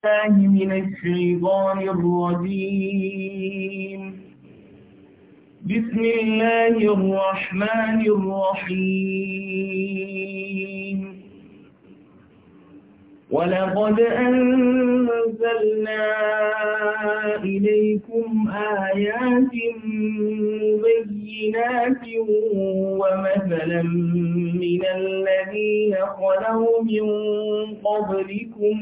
الله من الشيطان الرجيم بسم الله الرحمن الرحيم ولقد أنزلنا إليكم آيات مبينات ومثلا من الذين خلوا من قبلكم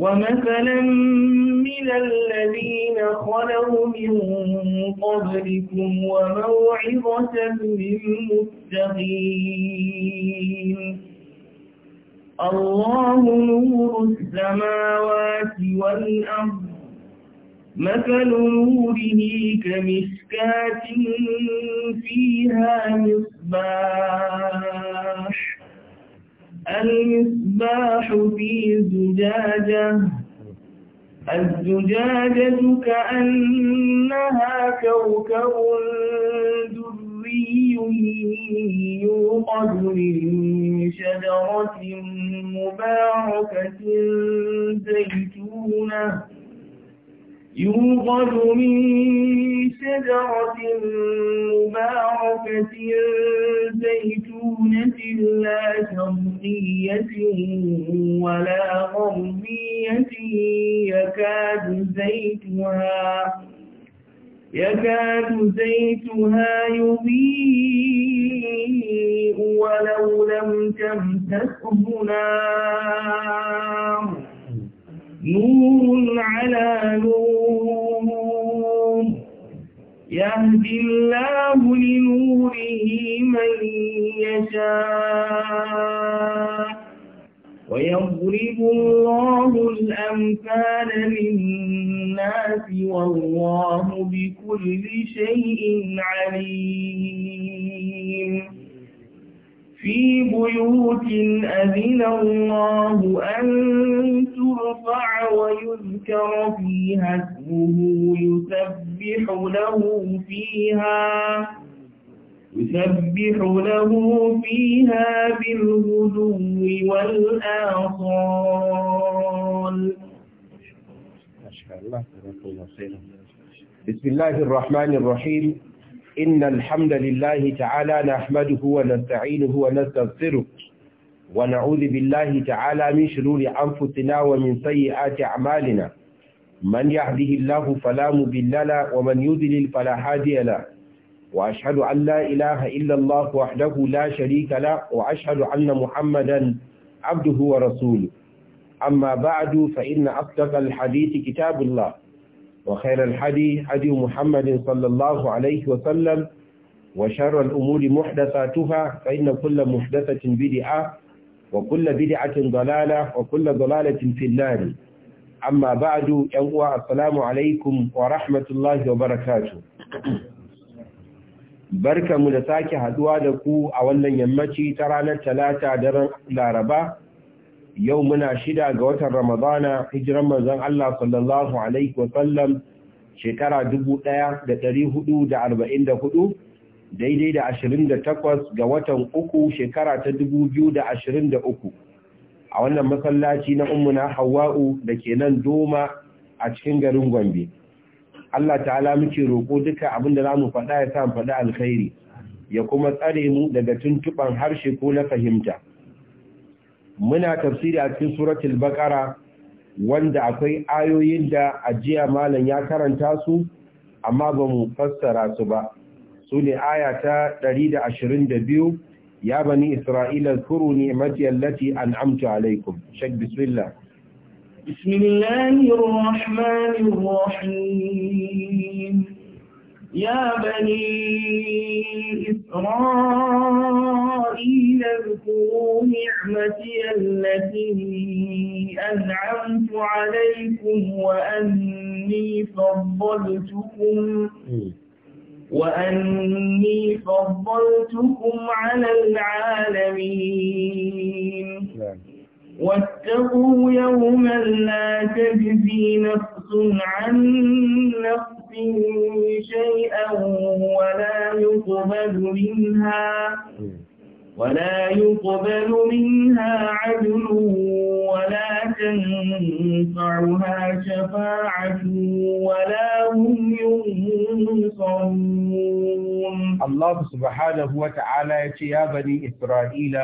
ومثلا من الذين خلوا من قبلكم وموعظة للمتقين الله نور السماوات والأرض مثل نوره كمشكاة فيها مصباح المصباح في زجاجة الزجاجة كأنها كوكب دري يوقد من شجرة مباركة زيتونة يوغل من شجرة مباركة زيتونة لا شرقية ولا غربية يكاد زيتها يكاد زيتها يضيء ولو لم تمسسه نار نور على نور يهدي الله لنوره من يشاء ويضرب الله الأمثال للناس والله بكل شيء عليم في بيوت أذن الله أن يرفع ويذكر فيها اسمه يسبح له فيها يسبح له فيها بالغدو والآصال بسم الله الرحمن الرحيم إن الحمد لله تعالى نحمده ونستعينه ونستغفره ونعوذ بالله تعالى من شرور أنفسنا ومن سيئات أعمالنا من يهده الله فلا مضل له ومن يضلل فلا هادي له وأشهد أن لا إله إلا الله وحده لا شريك له وأشهد أن محمدا عبده ورسوله أما بعد فإن أصدق الحديث كتاب الله وخير الحديث حديث محمد صلى الله عليه وسلم وشر الأمور محدثاتها فإن كل محدثة بدعة وكل بدعة ضلالة وكل ضلالة في النار أما بعد يوم السلام عليكم ورحمة الله وبركاته barka mu da sake haɗuwa da ku a wannan yammaci ta ranar talata daren laraba yau muna shida ga watan ramadana hijiran manzon Allah sallallahu alaihi wa sallam shekara 1444 daidai da 28 ga watan uku shekara ta ashirin 2023 a wannan masallaci na ummuna hawa'u da ke nan doma a cikin garin gombe Allah ta'ala muke roƙo duka abinda za mu faɗa ya sa faɗa alkhairi ya kuma tsare mu daga tuntuɓan harshe ko na fahimta muna tafsiri a cikin suratul baqara wanda akwai ayoyin da ajiya malam ya karanta su amma ba mu fassara su ba سوني آية تريد عشرين دبيو يا بني إسرائيل اذكروا نعمتي التي أنعمت عليكم شك بسم الله بسم الله الرحمن الرحيم يا بني إسرائيل اذكروا نعمتي التي أنعمت عليكم وأني فضلتكم وأني فضلتكم على العالمين نعم. واتقوا يوما لا تجزي نفس عن نفس شيئا ولا يقبل منها نعم. ولا يقبل منها عدل ولا تنفعها شفاعة ولا هم ينصرون الله سبحانه وتعالى يا بني إسرائيل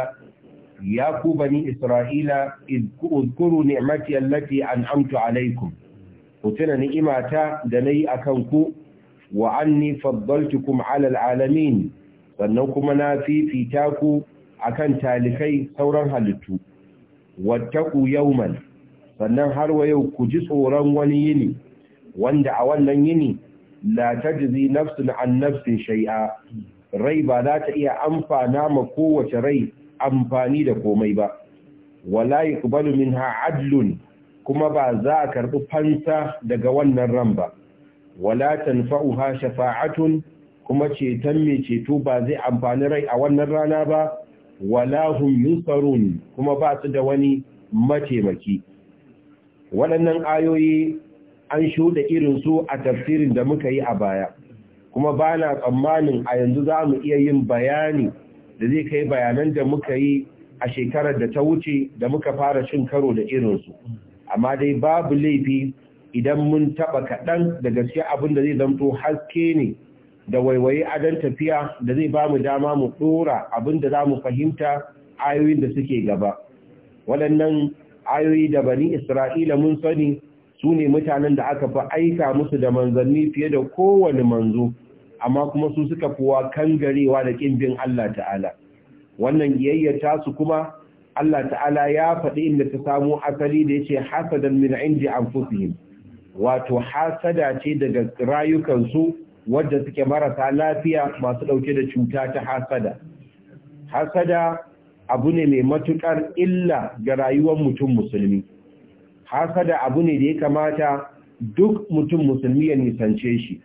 يا بني إسرائيل اذكروا نعمتي التي أنعمت عليكم وتنا نعمة دني أكنكم وأني فضلتكم على العالمين sannan kuma na fifita ku kan talikai sauran halittu wattaku yauman sannan har wa yau ku ji tsoron wani yini wanda a wannan yini la tajzi nafsun an nafsin shay'a rai ba za ta iya amfana ma kowace rai amfani da komai ba wala yuqbalu minha adlun kuma ba za a karbi fansa daga wannan ran ba wala tanfa'uha shafa'atun kuma ceton mai ceto ba zai amfani rai a wannan rana ba wala yusarun ne, kuma ba su da wani mataimaki waɗannan ayoyi an shuɗe irin su a tafsirin da muka yi a baya kuma ba na tsammanin a yanzu za mu iya yin bayani da zai kai bayanan da muka yi a shekarar da ta wuce da muka fara cin karo da irin su. amma dai babu laifi idan mun taɓa kaɗan da gaske abin da zai zamto haske ne da waiwaye adon tafiya da zai ba mu dama mu ɗora abin da za mu fahimta ayoyin da suke gaba waɗannan ayoyi da bani isra'ila mun sani su ne mutanen da aka fi aika musu da manzanni fiye da kowane manzo amma kuma su suka fi wa garewa da ƙimbin Allah ta'ala wannan iyayyata su kuma Allah ta'ala ya faɗi inda ta samo asali da yace hasadan min indi anfusihim wato hasada ce daga rayukansu wadda suke marasa lafiya masu ɗauke da cuta ta hasada. Hasada abu ne mai matuƙar illa ga rayuwar mutum musulmi. Hasada abu ne da ya kamata duk mutum musulmi ya nisance shi,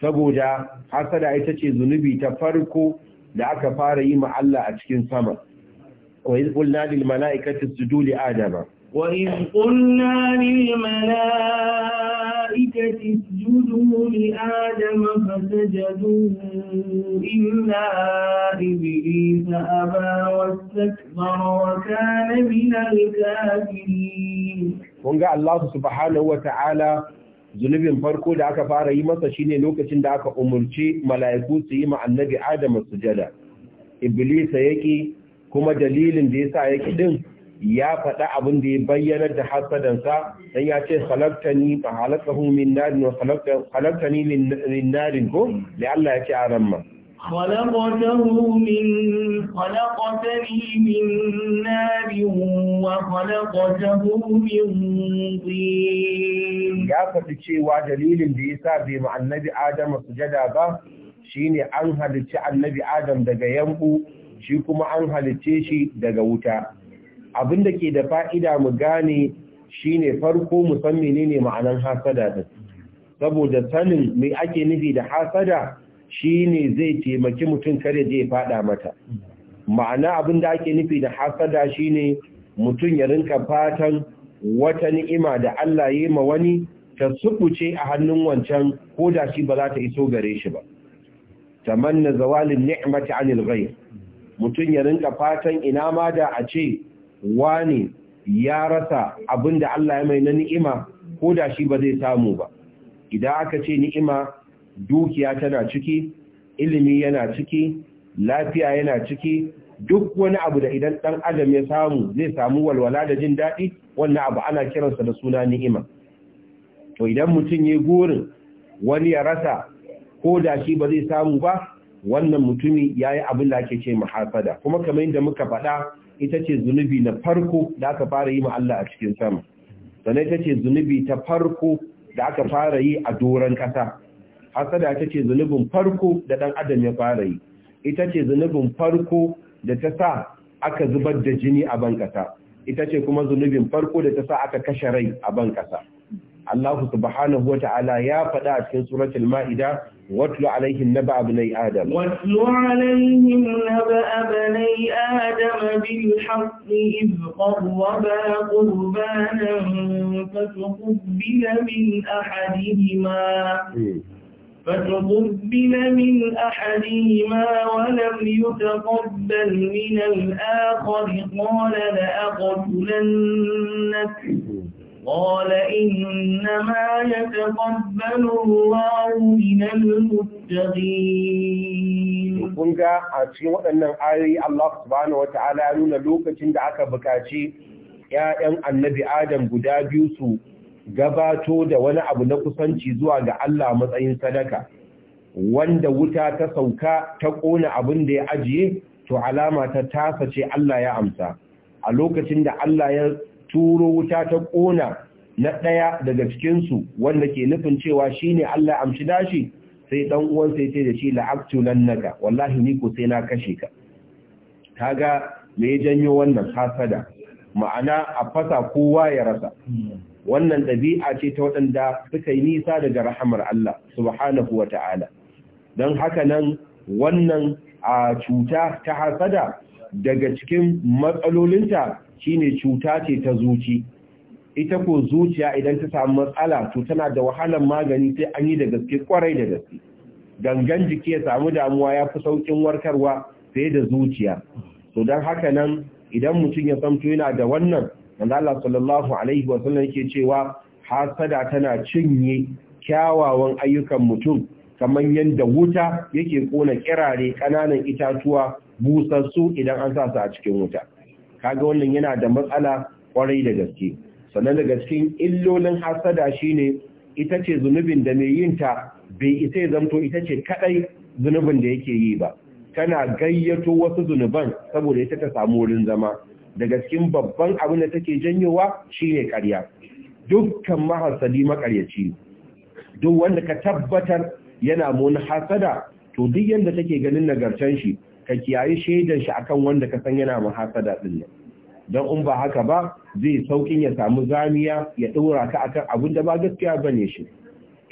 saboda hasada ita ce zunubi ta farko da aka fara yi ma Allah a cikin sama. Wa iz qulna lil mala'ikati isjudu li adama وإذ قلنا للملائكة اسجدوا لآدم فسجدوا إلا إبليس أبى واستكبر وكان من الكافرين kun ga Allah subhanahu wata'ala zunubin farko da aka fara yi masa shine lokacin da aka umarci mala'iku su yi ma annabi Adam sujada Iblis yake kuma dalilin da ya sa yake ɗin ya faɗa abin da ya bayyana da hasadansa don ya ce khalaqtani fa halaqahu min narin wa khalaqtani min narin ko da Allah ya ce a ramma خلقته من خلقتني من نار وخلقته من طين يا faɗi cewa dalilin da ya sa bai mu annabi Adam sujada ba shi ne an halicci annabi Adam daga yanku, shi kuma an halicce shi daga wuta abin da ke da fa'ida mu gane shine farko mu san menene ma'anan hasada su, saboda sanin me ake nufi da hasada shine zai taimaki mutum kare zai fada mata ma'ana abin da ake nufi da hasada shine mutum ya rinka fatan wata ni'ima da Allah ya ma wani ta subuce a hannun wancan ko da shi ba za ta iso gare shi ba tamanna zawalin ni'mati anil ghayr mutum ya rinka fatan ina ma da a ce Wani ya rasa abinda Allah ya mai na ni'ima ko da shi ba zai samu ba idan aka ce ni'ima dukiya tana ciki ilimi yana ciki lafiya yana ciki duk wani abu da idan dan adam ya samu zai samu walwala da jin daɗi wannan abu ana kiransa da suna ni'ima to idan mutum ya gorin wani ya rasa ko da shi ba zai samu ba wannan mutumi yayi yi abin da ake ce mahasada kuma kamar yadda muka faɗa ita ce zunubi na farko da aka fara yi ma Allah a cikin sama sannan ita ce zunubi ta farko da aka fara yi a doron ƙasa hasada ita ce zunubin farko da ɗan adam ya fara yi ita ce zunubin farko da ta sa aka zubar da jini a ban ƙasa ita ce kuma zunubin farko da ta sa aka kashe rai a ban ƙasa Allah subhanahu wata'ala ya faɗa a cikin suratul ma'ida واتل عليهم نبأ بني آدم واتل عليهم نبأ بني آدم بالحق إذ قربا قربانا فتقبل من أحدهما فتقبل من أحدهما ولم يتقبل من الآخر قال لأقتلنك قال إنما يتقبل الله من المتقين kun ga a cikin waɗannan ayoyi Allah subhanahu wata'ala ya nuna lokacin da aka bukaci ‘ya'yan annabi Adam guda biyu su gabato da wani abu na kusanci zuwa ga Allah matsayin sadaka wanda wuta ta sauka ta ƙona abin da ya ajiye to alama ta tasa ce Allah ya amsa a lokacin da Allah ya turo wuta ta ƙona na ɗaya daga cikinsu wanda ke nufin cewa shi ne Allah amshi dashi sai ɗan uwansa ya ce da shi la'aktunan naga wallahi ni ko sai na kashe ka kaga me ya janyo wannan hasada ma'ana a fasa kowa ya rasa wannan ɗabi'a ce ta waɗanda suka yi nisa daga rahamar Allah subhanahu wa ta'ala don haka nan wannan a cuta ta hasada daga cikin matsalolinta shine cuta ce ta zuci ita ko zuciya idan ta samu matsala to tana da wahalar magani sai an yi da gaske kwarai da gaske gangan jiki ya samu damuwa ya fi saukin warkarwa sai da zuciya to don haka nan idan mutum ya to yana da wannan manzo Allah sallallahu alaihi wa sallam yake cewa hasada tana cinye kyawawan ayyukan mutum kamar yadda wuta yake kona kirare kananan itatuwa busassu idan an sa su a cikin wuta kaga wannan yana da matsala kwarai da gaske sannan da cikin illolin hasada shine ita ce zunubin da mai yin ta bai isa ya zamto ita ce kadai zunubin da yake yi ba tana gayyato wasu zunuban saboda ita ta samu wurin zama Da cikin babban abin da take janyowa shine karya. dukkan mahasadi makaryaci duk wanda ka tabbatar yana mun hasada to duk yanda take ganin nagartan shi ka kiyaye shaidar shi akan wanda ka san yana muhasada din nan don in ba haka ba zai saukin ya samu zamiya ya dora ka akan abin da ba gaskiya bane shi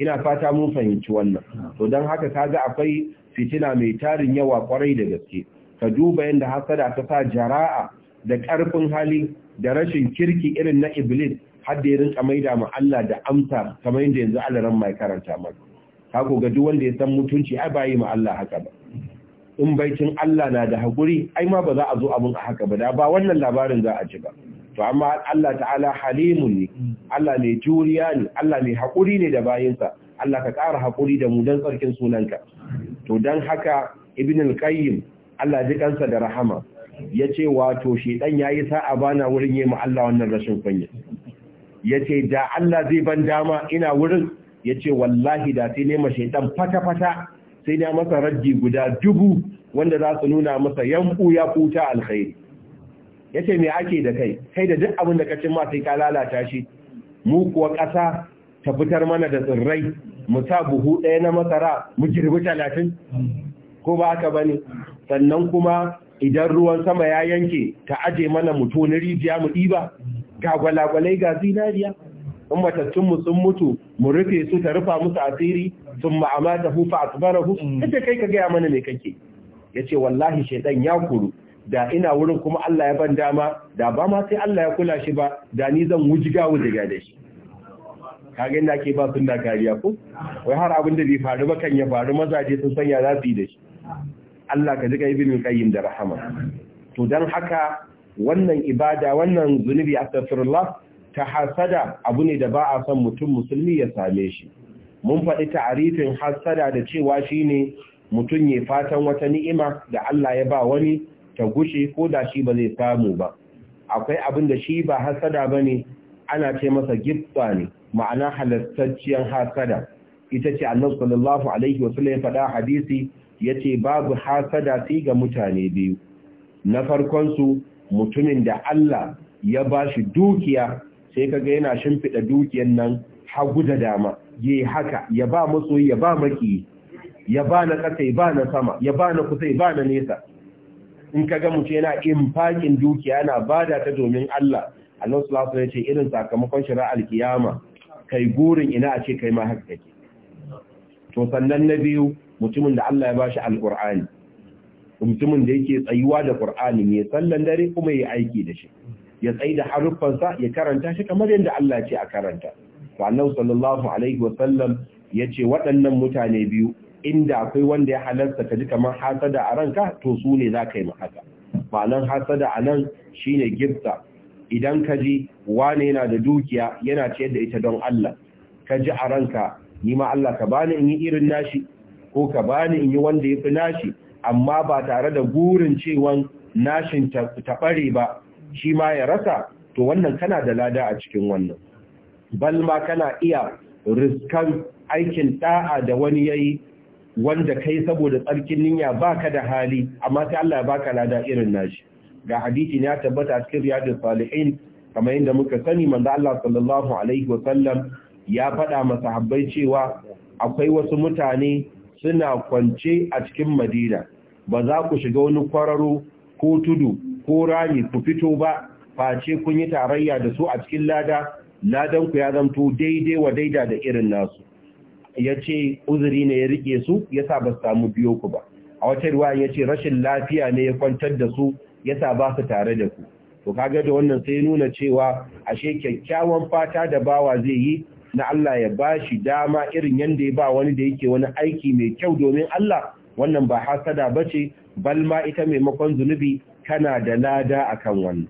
ina fata mun fahimci wannan to dan haka kaga akwai fitina mai tarin yawa kwarai da gaske ka duba yanda hasada ta sa jara'a da karfin hali da rashin kirki irin na iblis har da ya rinka maida mu Allah da amsa kamar yadda yanzu alaran mai karanta maka ka ko ga duk wanda ya san mutunci ai bayi mu Allah haka ba in baitin Allah na da haƙuri ai ma ba za a zo abin a haka ba da ba wannan labarin za a ji ba to amma Allah ta'ala halimun ne Allah ne juriya ne Allah ne haƙuri ne da bayinsa Allah ka ƙara haƙuri da mu don tsarkin sunanka to don haka ibn al-qayyim Allah ji kansa da rahama yace wato shedan yayi sa'a bana wurin yi ma Allah wannan rashin kunya yace da Allah zai ban dama ina wurin yace wallahi da sai nema fata fata sai na masa raddi guda dubu wanda za su nuna masa yanku ya kuta alkhairi ya ce me ake da kai kai da duk abin da kacin ma sai ka lalata shi mu kuwa ƙasa ta fitar mana da tsirrai mu sa buhu ɗaya na masara mu girbi talatin ko ba haka ba ne sannan kuma idan ruwan sama ya yanke ta aje mana mutu na rijiya mu ɗiba ga gwalagwalai ga zinariya in matattunmu sun mutu mu rufe su ta rufa musu asiri sun ma'amata hu fa asbarahu mm. kace kai ka gaya mana me kake ce, wallahi shaidan ya kuru da ina wurin kuma Allah ya ban dama da ba ma sai Allah ya kula shi ba da ni zan wujiga daga da shi kage ina ke ba da kariya ko wai har abin da bai faru ba kan ya faru mazaje sun sanya za su yi da shi Allah ka jika ibn qayyim da rahama to dan haka wannan ibada wannan zunubi astaghfirullah ta hasada abu ne da ba a son mutum musulmi ya same shi mun faɗi ta'arifin hassada da cewa shi ne mutum ya fatan wata ni'ima da Allah ya ba wani ta gushe ko da shi ba zai samu ba akwai abin da shi ba hasada ne, ana ce masa gibba ne ma'ana halastacciyar hassada. ita ce annabi sallallahu alaihi sallam ya faɗa hadisi yace babu hassada sai ga mutane biyu na farkon su mutumin da Allah ya ba shi dukiya sai kaga yana shimfiɗa dukiyar nan hagu da dama yayi haka ya ba masoyi ya ba maki ya ba na kasa ya ba na sama ya ba na kusa ya ba na nesa in kaga mu ce yana infakin dukiya yana bada ta domin Allah Allah subhanahu ya ce irin sakamakon shari'ar kiyama kai gurin ina a ce kai ma haka kake to sannan na biyu mutumin da Allah ya bashi alqur'ani mutumin da yake tsayuwa da qur'ani ne sallan dare kuma yayi aiki da shi ya tsaye da haruffansa ya karanta shi kamar yadda Allah ce a karanta annabi sallallahu alaihi wa sallam ce waɗannan mutane biyu inda akwai wanda ya halarta ka ji kamar hasada a ranka to su ne za ka yi mahaka. Ma'anar hasada a nan shine gifta idan ka ji wane yana da dukiya yana ciyar da ita don Allah ka ji a ranka ni ma Allah ka bani in yi irin nashi ko ka bani in yi wanda ya fi nashi amma ba tare da gurin cewan nashin ta ɓare ba shi ma ya rasa to wannan kana da lada a cikin wannan bal ma kana iya riskan aikin da'a da wani yayi wanda kai saboda tsarkin niyya baka da hali amma sai Allah ya baka lada irin nashi ga hadisi ne ya tabbata a cikin riyadus salihin kamar yadda muka sani manzo Allah sallallahu alaihi wa sallam ya faɗa masahabbai cewa akwai wasu mutane suna kwance a cikin Madina ba za ku shiga wani kwararo ko tudu ko rami ku fito ba face kun yi tarayya da su a cikin lada ladan ku ya zanto daidai wa daida da irin nasu yace uzuri ne ya rike su yasa ba su samu biyo ku ba a wata ya yace rashin lafiya ne ya kwantar da su yasa ba su tare da ku to kaga da wannan sai nuna cewa ashe kyakkyawan fata da bawa zai yi na Allah ya bashi dama irin yanda ya ba wani da yake wani aiki mai kyau domin Allah wannan ba hasada bace bal ma ita maimakon zunubi kana da lada a kan wani.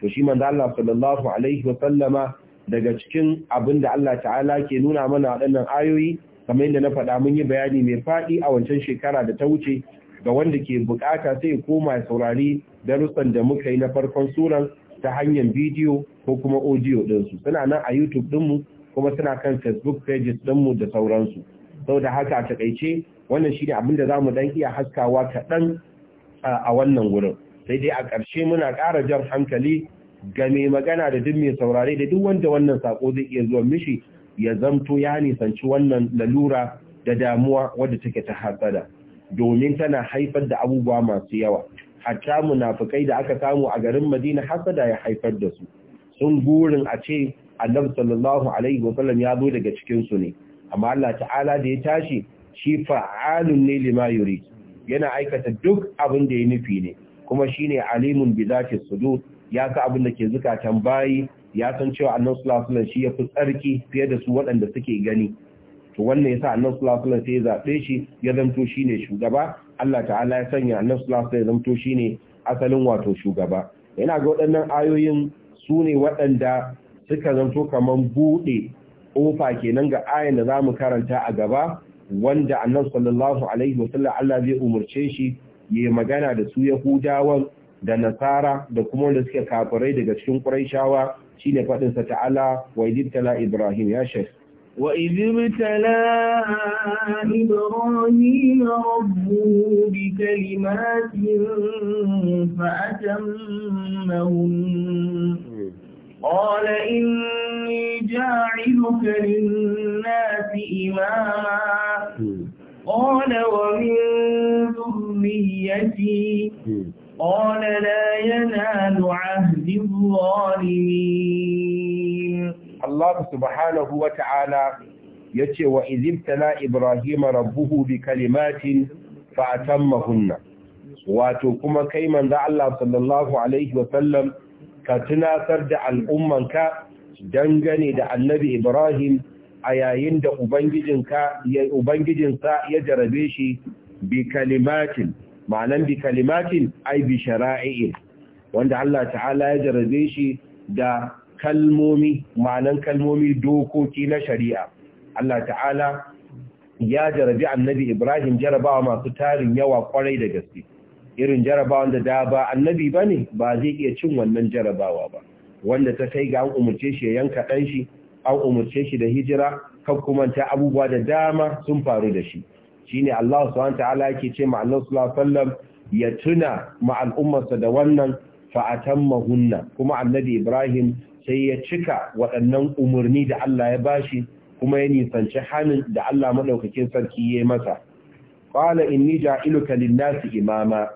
to shi manzo Allah sallallahu alaihi wa daga cikin abin da Allah ta'ala ke nuna mana waɗannan ayoyi kamar yadda na faɗa mun yi bayani mai faɗi a wancan shekara da ta wuce ga wanda ke bukata sai ya koma saurari darussan da muka yi na farkon suran ta hanyar bidiyo ko kuma audio ɗinsu suna nan a youtube ɗinmu kuma suna kan facebook pages ɗinmu da sauransu Sau da haka a taƙaice wannan shi ne abin da za mu ɗan iya haskawa kaɗan a wannan wurin sai dai a ƙarshe muna ƙara jan hankali ga mai magana da duk mai saurare da duk wanda wannan sako zai iya zuwa mishi ya zamto ya nisanci wannan lalura da damuwa wadda take ta hatsada domin tana haifar da abubuwa masu yawa hatta munafikai da aka samu a garin Madina hasada ya haifar da su sun gurin a ce Annabi sallallahu alaihi sallam ya zo daga cikin su ne amma Allah ta'ala da ya tashi shi fa'alun ne lima yuri yana aikata duk abin da ya nufi ne kuma shi ne alimun bi zati sudur ya ka abin da ke zukatan bayi ya san cewa annan sulasulan shi ya fi tsarki fiye da su waɗanda suke gani to wannan ya sa annan sulasulan sai ya zabe shi ya zanto ne shugaba Allah ta'ala ya sanya annan sulasulan ya zamto shi ne asalin wato shugaba yana ga waɗannan ayoyin su ne waɗanda suka zanto kamar buɗe ƙofa kenan ga ayan da mu karanta a gaba wanda Annan sallallahu alaihi wasallam Allah zai umurce shi yi magana da su yahudawan da nasara da kuma wanda suke kafirai daga cikin ƙuraishawa shine faɗin sa ta'ala wa idibtala ibrahim ya shek wa idibtala ibrahim rabbuhu bi kalimatin fa atammahum قال إني جاعلك للناس إماما قال ومن ذريتي قال لا ينال عهد الظالمين الله سبحانه وتعالى yace wa izibtala ibrahima rabbuhu bi kalimatin fa atammahunna wato kuma kai manzo Allah sallallahu alaihi wa sallam ka tunasar da al'ummanka dangane da annabi ibrahim a yayin da ubangijinka ubangijinsa ya jarabe shi bi kalimatin ma'anan bi kalimatin ai bi shara'i'in wanda Allah ta'ala ya jarabe shi da kalmomi ma'anan kalmomi dokoki na shari'a Allah ta'ala ya jarabi annabi Ibrahim jarabawa masu tarin yawa kwarai da gaske irin jarabawan da da ba annabi bane ba zai iya cin wannan jarabawa ba wanda ta kai ga an umurce shi ya yanka dan shi an umurce shi da hijira kan kuma ta abubuwa da dama sun faru da shi shine Allah subhanahu ta'ala yake ce ma Allah sallallahu alaihi wasallam ya tuna ma al'ummarsa da wannan fa atammahunna kuma annabi Ibrahim sai ya cika waɗannan umarni da Allah ya bashi kuma ya nisanci hanin da Allah maɗaukakin sarki ya masa. Ƙwala inni ja'iluka linnasi imama,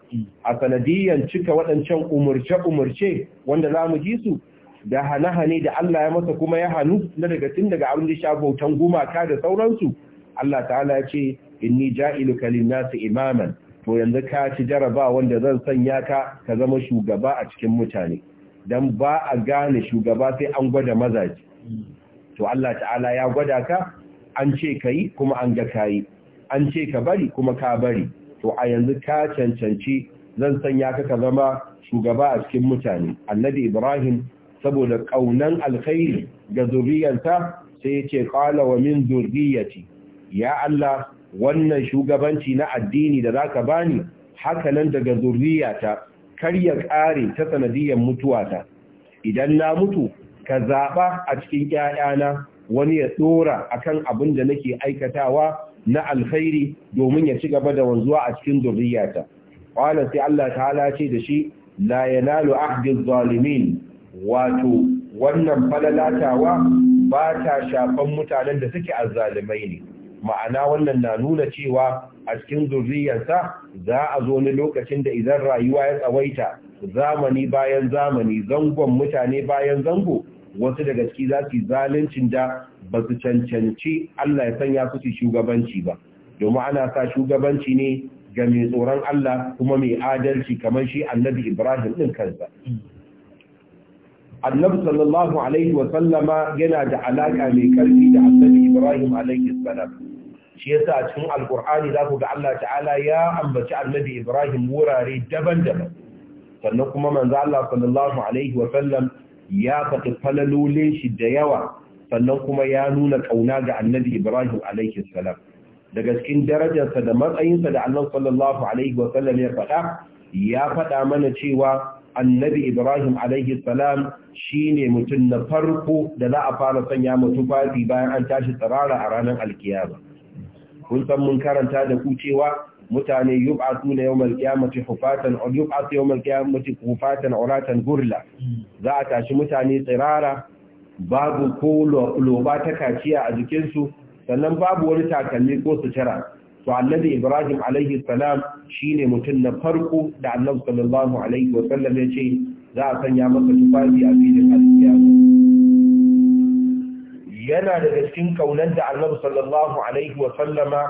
a sanadiyyan cika waɗancan umurce-umurce wanda za mu ji su da hane-hane da Allah ya masa kuma ya hannu na daga tun daga abin da sha bautan gumaka da sauransu. Allah ta'ala ya ce, inni ja'iluka lin-nasi imaman to yanzu ka ci jaraba wanda zan sanya ka ka zama shugaba a cikin mutane dan ba a gane shugaba sai an gwada mazaji to Allah ta'ala ya gwada ka an ce kai kuma an ga kai an ce ka bari kuma ka bari to a yanzu ka cancanci zan sanya ka ka zama shugaba a cikin mutane annabi ibrahim saboda kaunan alkhairi ga zuriyarsa sai yace ce qala wa min zurriyati ya Allah wannan shugabanci na addini da zaka bani haka nan daga zurriyata kar ya ƙare ta sanadiyar mutuwata idan na mutu ka zaɓa a cikin ƴaƴana wani ya tsora akan abin da nake aikatawa na alkhairi domin ya ci gaba da wanzuwa a cikin zurriyata wala sai Allah ta'ala ce da shi la yanalu ahdi zalimin wato wannan falalatawa ba ta shafan mutanen da suke azzalimai ne ma'ana wannan na nuna cewa a cikin zurriyarsa za a zo ni lokacin da idan rayuwa ya tsawaita zamani bayan zamani zangon mutane bayan zango wasu daga ciki za su zaluncin da ba su cancanci Allah ya sanya su su shugabanci ba domin ana sa shugabanci ne ga mai tsoron Allah kuma mai adalci kamar shi annabi Ibrahim din kansa annabi sallallahu alaihi wa sallama yana da alaka mai karfi da annabi Ibrahim alaihi salam shi yasa a cikin alkur'ani za ku ga Allah ta'ala ya ambaci annabi Ibrahim wurare daban-daban sannan kuma manzo Allah sallallahu alaihi wa sallam ya faɗi falalolin shi da yawa sannan kuma ya nuna kauna ga annabi Ibrahim alaihi salam daga cikin darajarsa da matsayinsa da Allah sallallahu alaihi wa sallam ya faɗa ya faɗa mana cewa annabi Ibrahim alaihi salam shine mutum na farko da za a fara sanya mutum fafi bayan an tashi tsirara a ranar alkiyama kun san mun karanta da ku cewa mutane na yawmal qiyamati hufatan aw yub'atu yawmal qiyamati hufatan uratan gurla za a tashi mutane tsirara babu ko loba ta kaciya a jikin su sannan babu wani takalmi ko su tara to annabi ibrahim alaihi salam shine mutum na farko da annabi sallallahu alaihi wa ya ce za a sanya masa tufafi a filin alkiyama yana daga cikin kaunar da annabi sallallahu alaihi wa sallama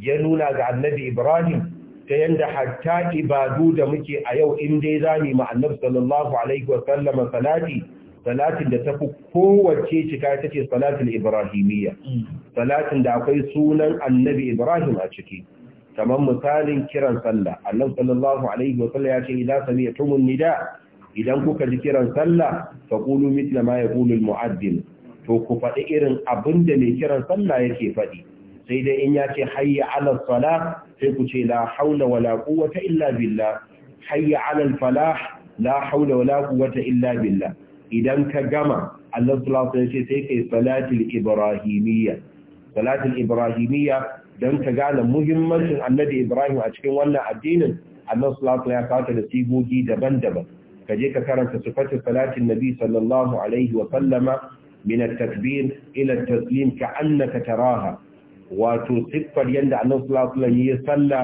ya nuna ga annabi ibrahim ta yanda hatta ibadu da muke a yau in dai zami ma annabi sallallahu alaihi wa sallama salati salatin da tafi kowace cika ita ce salatin ibrahimiyya salatin da akwai sunan annabi ibrahim a ciki kamar misalin kiran sallah annabi sallallahu alaihi wa sallam ya ce idan sami'tumun nida idan kuka ji kiran sallah faqulu mithla ma yaqulu al-mu'addin to ku faɗi irin abin da mai kiran sallah yake faɗi sai dai in ya ce hayya ala salah sai ku ce la haula wala quwwata illa billah hayya ala falah la haula wala quwwata illa billah idan ka gama Allah sallallahu alaihi sai kai salatul ibrahimiyya salatul ibrahimiyya dan ka gane muhimmancin annabi Ibrahim a cikin wannan addinin Allah sallallahu alaihi ya kawo da sigogi daban-daban ka je ka karanta sifatin salatin nabi sallallahu alaihi wa sallama min at-takbir ila at-taslim ka'annaka taraha wato siffar yadda annabi sallallahu alaihi wasallam ya salla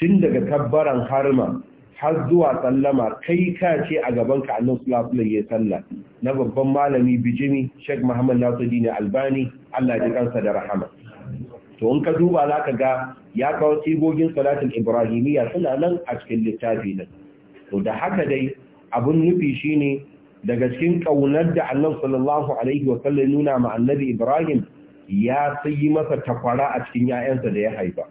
tun daga kabbaran harma har zuwa sallama kai ka ce a gaban ka annabi sallallahu alaihi wasallam ya salla na babban malami bijimi Sheikh Muhammad Nasiruddin Albani Allah ya kansa da rahama to in ka duba zaka ga ya kawo tsibogin salatul ibrahimiyya suna nan a cikin littafi nan to da haka dai abun nufi shine daga cikin ƙaunar da Allah sallallahu alaihi wa sallam nuna ma annabi Ibrahim ya sayi masa takwara a cikin ‘ya'yansa da ya haifa.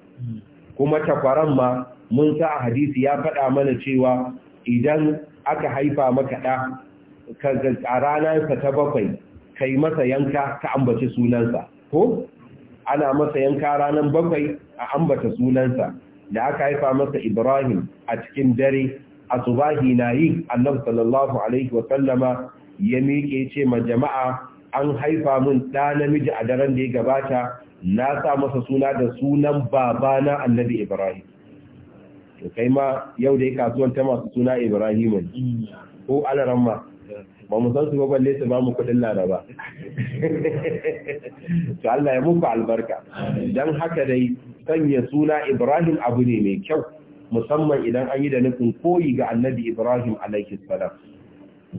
Kuma takwaran ma mun sa a hadisi ya faɗa mana cewa idan aka haifa maka ɗa a ranarsa ta bakwai kai masa yanka ka ambaci sunansa. Ko? Ana masa yanka ranar bakwai a ambata sunansa da aka haifa masa Ibrahim a cikin dare asubahi na yi annabi sallallahu alaihi wa sallama ya miƙe ce ma jama'a an haifa mun ɗa namiji a daren da ya gabata na sa masa suna da sunan babana annabi ibrahim to kai ma yau da ya kasuwan ta masu suna ibrahim ko ma ba mu san su ba balle su ba mu kudin laraba to Allah ya muku albarka dan haka dai sanya suna ibrahim abu ne mai kyau musamman idan an yi da nufin koyi ga annabi Ibrahim alaihi salam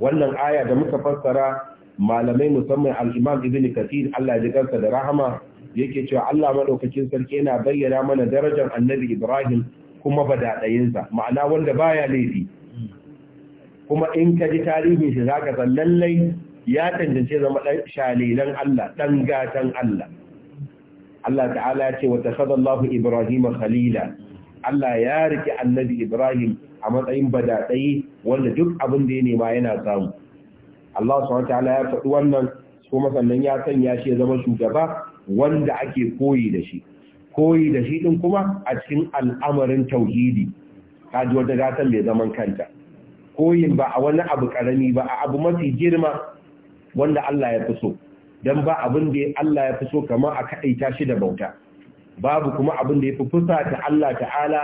wannan aya da muka fassara malamai musamman al-Imam Ibn Kathir Allah ji kansa da rahama yake cewa Allah madaukakin sarki yana bayyana mana darajar annabi Ibrahim kuma badaɗayinsa. ma'ana wanda baya laifi kuma in ka ji tarihin shi zaka san lallai ya tantance zama dan shalilan Allah dan gatan Allah Allah ta'ala ya ce wa sadallahu Ibrahim khalila Allah ya riki annabi Ibrahim a matsayin badaɗai wanda duk abin da ya nema yana samu. Allah subhanahu ta'ala ya faɗi wannan kuma sannan ya sanya shi ya zama shugaba wanda ake koyi da shi. Koyi da shi ɗin kuma a cikin al'amarin tauhidi, kaji wata gatan mai zaman kanta. Koyin ba a wani abu ƙarami ba a abu mafi girma wanda Allah ya fi so, don ba abin da Allah ya fi so kamar a kaɗaita shi da bauta. babu kuma abin da ya fi fusa ta Allah ta'ala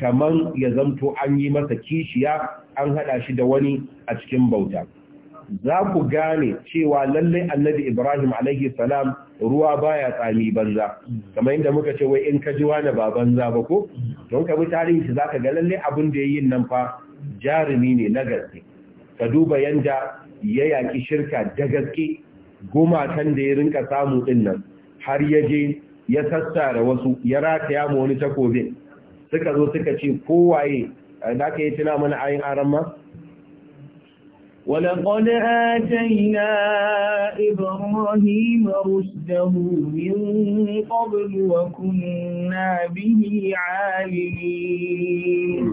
kaman ya zamto an yi masa kishiya an haɗa shi da wani a cikin bauta. Za ku gane cewa lallai annabi Ibrahim alaihi salam ruwa baya tsami banza, kamar yadda muka ce wai in ka ji wani ba banza ba ko? Don ka bi tarihi za ka ga lallai abin da ya yi nan fa jarumi ne na gaske. Ka duba yanda ya yaƙi shirka da gaske gumatan da ya rinka samu ɗin nan har ya je ya sassa sassara wasu ya rataya ma wani takobe. suka zo suka ce kowaye da aka yi tuna mana ayin aran ma ولقد آتينا إبراهيم رشده من قبل وكنا به عالمين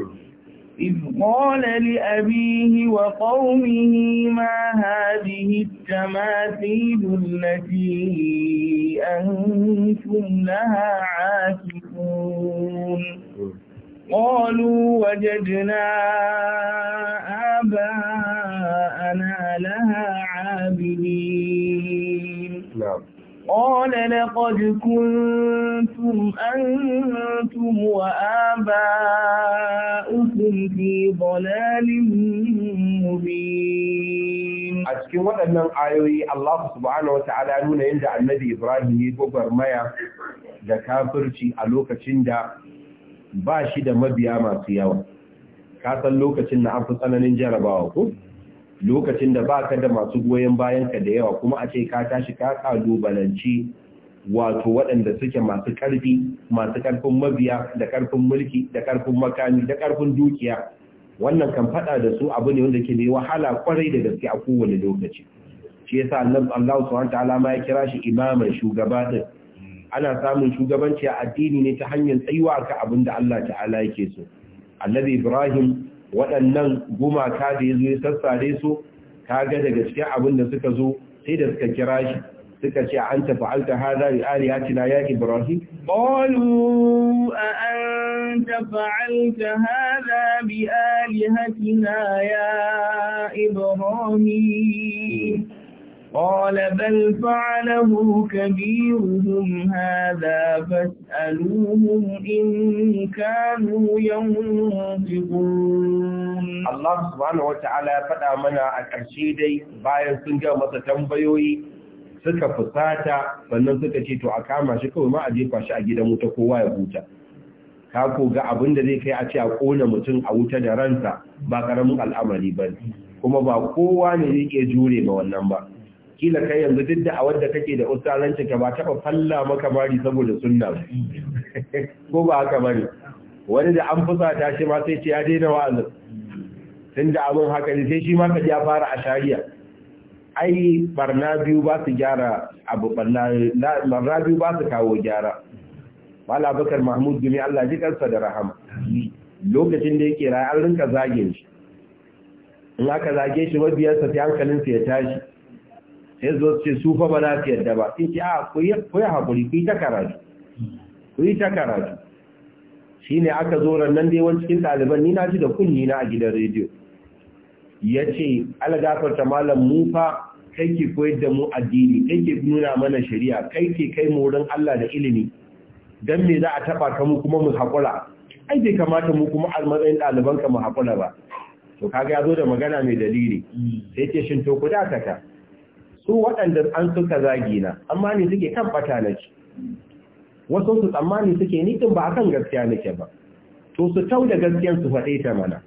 إذ قال لأبيه وقومه ما هذه التماثيل التي أنتم لها عاكفون قالوا وجدنا آباءنا لها عابدين نعم قَالَ لَقَدْ كُنْتُمْ أَنْتُمْ وَآبَاؤُكُمْ فِي ضَلَالٍ مُبِينٍ a cikin waɗannan ayoyi Allah subhanahu wa ta'ala nuna yadda Annabi Ibrahim ya gobar maya da kafirci a lokacin da ba shi da mabiya masu yawa ka san lokacin na afi tsananin jarabawa ko lokacin da ba ka da masu goyon bayanka da yawa kuma a ce ka tashi ka kalubalanci wato waɗanda suke masu ƙarfi masu ƙarfin mabiya da ƙarfin mulki da ƙarfin makami da ƙarfin dukiya wannan kan faɗa da su abu ne wanda ke da wahala kwarai da gaske a kowane lokaci shi yasa Allah subhanahu ta'ala ma ya kira shi imaman shugaba din ana samun shugabanci a addini ne ta hanyar tsayuwa ka abin da Allah ta'ala yake so annabi Ibrahim waɗannan gumaka da ya zo ya sassare su ga daga cikin abin da suka zo sai da suka kira shi suka ce an tafi alta hada bi aliyatina ya ibrahim qalu a anta fa'alta hada bi alihatina ya ibrahim قال بل فعله كبيرهم هذا فاسألوهم إن كانوا ينطقون الله سبحانه وتعالى فدا منا أكرشي دي bayan sun ga masa tambayoyi suka fusata sannan suka ce to a kama shi kawai ma a jefa shi a gidan wuta kowa ya huta ka ko ga abin da zai kai a ce a kona mutum a wuta da ransa ba karamin al'amari ba kuma ba kowa ne zai iya jure ma wannan ba kila kai yanzu duk da awar da kake da ustazanci ka ba taba falla maka bari saboda sunna ko ba haka bane wani da an fusata shi ma sai ce ya daina wa'azin tunda abin haka ne sai shi ma ka ya fara a shari'a ai barna biyu ba su gyara abu barna barna biyu ba su kawo gyara mala bakar mahmud gumi Allah ji kansa da rahama lokacin da yake rayu an rinka zage shi in aka zage shi mabiyarsa sai hankalinsa ya tashi sai zo ce su fa ba za su yadda ba sai ce a ku yi haƙuri ku yi ta karatu ku yi ta karatu shi ne aka zo nan dai wani cikin ɗaliban ni na ji da kunni na a gidan rediyo ya ce algafarta malam mu fa kai ke koyar da mu addini kai ke nuna mana shari'a kai ke kai mu wurin Allah da ilimi dan me za a taba ka mu kuma mu haƙura ai bai kamata mu kuma a matsayin ɗaliban ka mu haƙura ba to kaga ya zo da magana mai dalili mm. sai ce shinto ku ku dakata su waɗanda an suka zagi na amma ne suke kan na nake wasu su tsammani suke ni ba kan gaskiya nake ba to su tau da gaskiyan su faɗe ta mana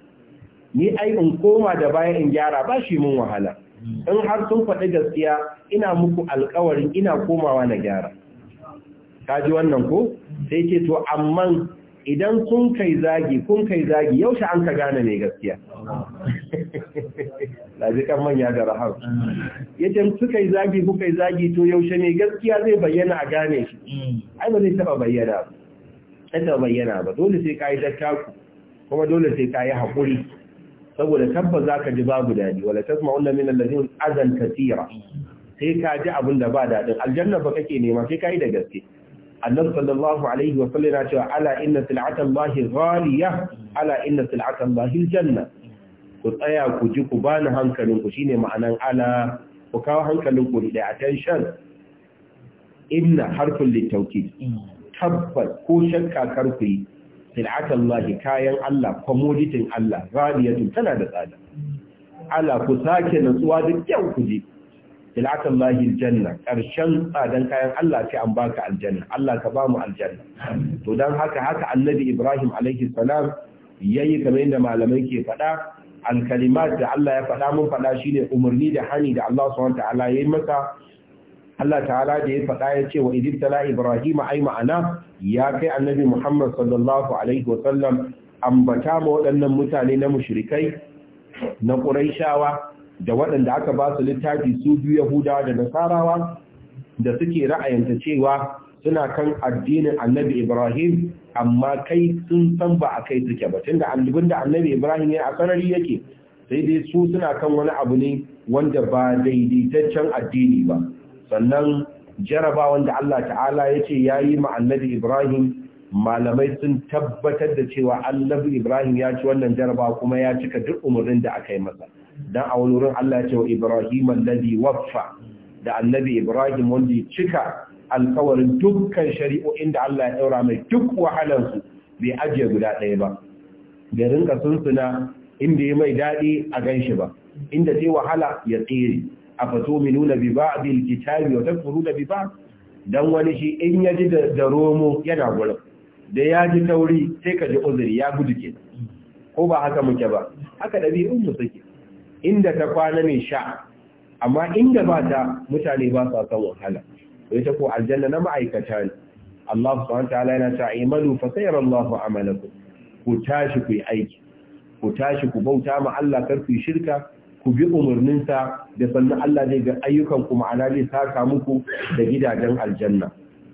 ni ai in koma da baya in gyara ba shi mun wahala in har sun faɗi gaskiya ina muku alkawarin ina komawa na gyara Ka ji wannan ko sai ce to amman idan kun kai zagi kun kai zagi yaushe an ka gane mai gaskiya kan manya da rahar yadda su kai zagi ku kai zagi to yaushe mai gaskiya zai bayyana a gane shi mm. ai ba zai taba bayyana ba taba bayyana ba dole sai ka yi dattaku kuma dole sai ka yi haƙuri saboda tabbas za ka ji babu daɗi wala tasma wanda min allazin azan kasira mm. sai ka ji abin da ba daɗin aljanna ba kake nema sai ka yi da gaske annabi sallallahu alaihi wa sallam yana cewa ala inna sil'atallahi ghaliya ala inna sil'atallahi aljanna ku tsaya ku ji ku bani hankalin ku shine ma'anan ala ku kawo hankalin ku da attention inna harfin litawkid tabbat, ko shakka kar ku yi sil'atallahi kayan Allah commodity Allah ghaliyatun tana da tsada ala ku sake nutsuwa duk yau ku ji ilatan lahil janna ƙarshen tsadan kayan Allah sai an baka aljanna Allah ka bamu aljanna to don haka haka annabi ibrahim alaihi salam yayi kamar yadda malamai ke faɗa alkalima da Allah ya faɗa mun faɗa shine umarni da hani da Allah subhanahu ta'ala yayi maka Allah ta'ala da ya faɗa ya ce wa idibtala ibrahim ai ma'ana ya kai annabi muhammad sallallahu alaihi wa sallam ambata ma waɗannan mutane na mushrikai na quraishawa da waɗanda aka ba su littafi su biyu Yahudawa da Nasarawa da suke ra'ayanta cewa suna kan addinin Annabi Ibrahim amma kai sun san ba a kai suke ba tunda annabin da Annabi Ibrahim ya a sarari yake sai dai su suna kan wani abu ne wanda ba daidaitaccen addini ba sannan jaraba wanda Allah ta'ala ya ce ya yi annabi Ibrahim malamai sun tabbatar da cewa annabi Ibrahim ya ci wannan jaraba kuma ya cika duk umarnin da aka yi masa dan a wurin Allah ya ce wa Ibrahim alladhi waffa da annabi Ibrahim wanda ya cika alkawarin dukkan shari'o'in da Allah ya daura mai duk wahalar su bai ajiye guda ɗaya ba bai sunsu sunsuna inda ya mai daɗi a ganshi ba inda sai wahala ya tsere a fato minuna bi ba'dil kitabi wa da bi ba'd dan wani shi in ya ji da romo yana gurin da ya ji tauri sai ka ji uzuri ya gudu ke ko ba haka muke ba haka ɗabi'un mu suke inda ta kwana mai sha amma inda ba ta mutane ba sa san wahala sai ta ko aljanna na ma'aikata ne Allah subhanahu ta'ala yana ta imalu fa sayara Allah amalakum ku tashi ku yi aiki ku tashi ku bauta ma Allah kar ku shirka ku bi umarninsa da sannan Allah zai ga ayyukan ku ma'ana zai saka muku da gidajen aljanna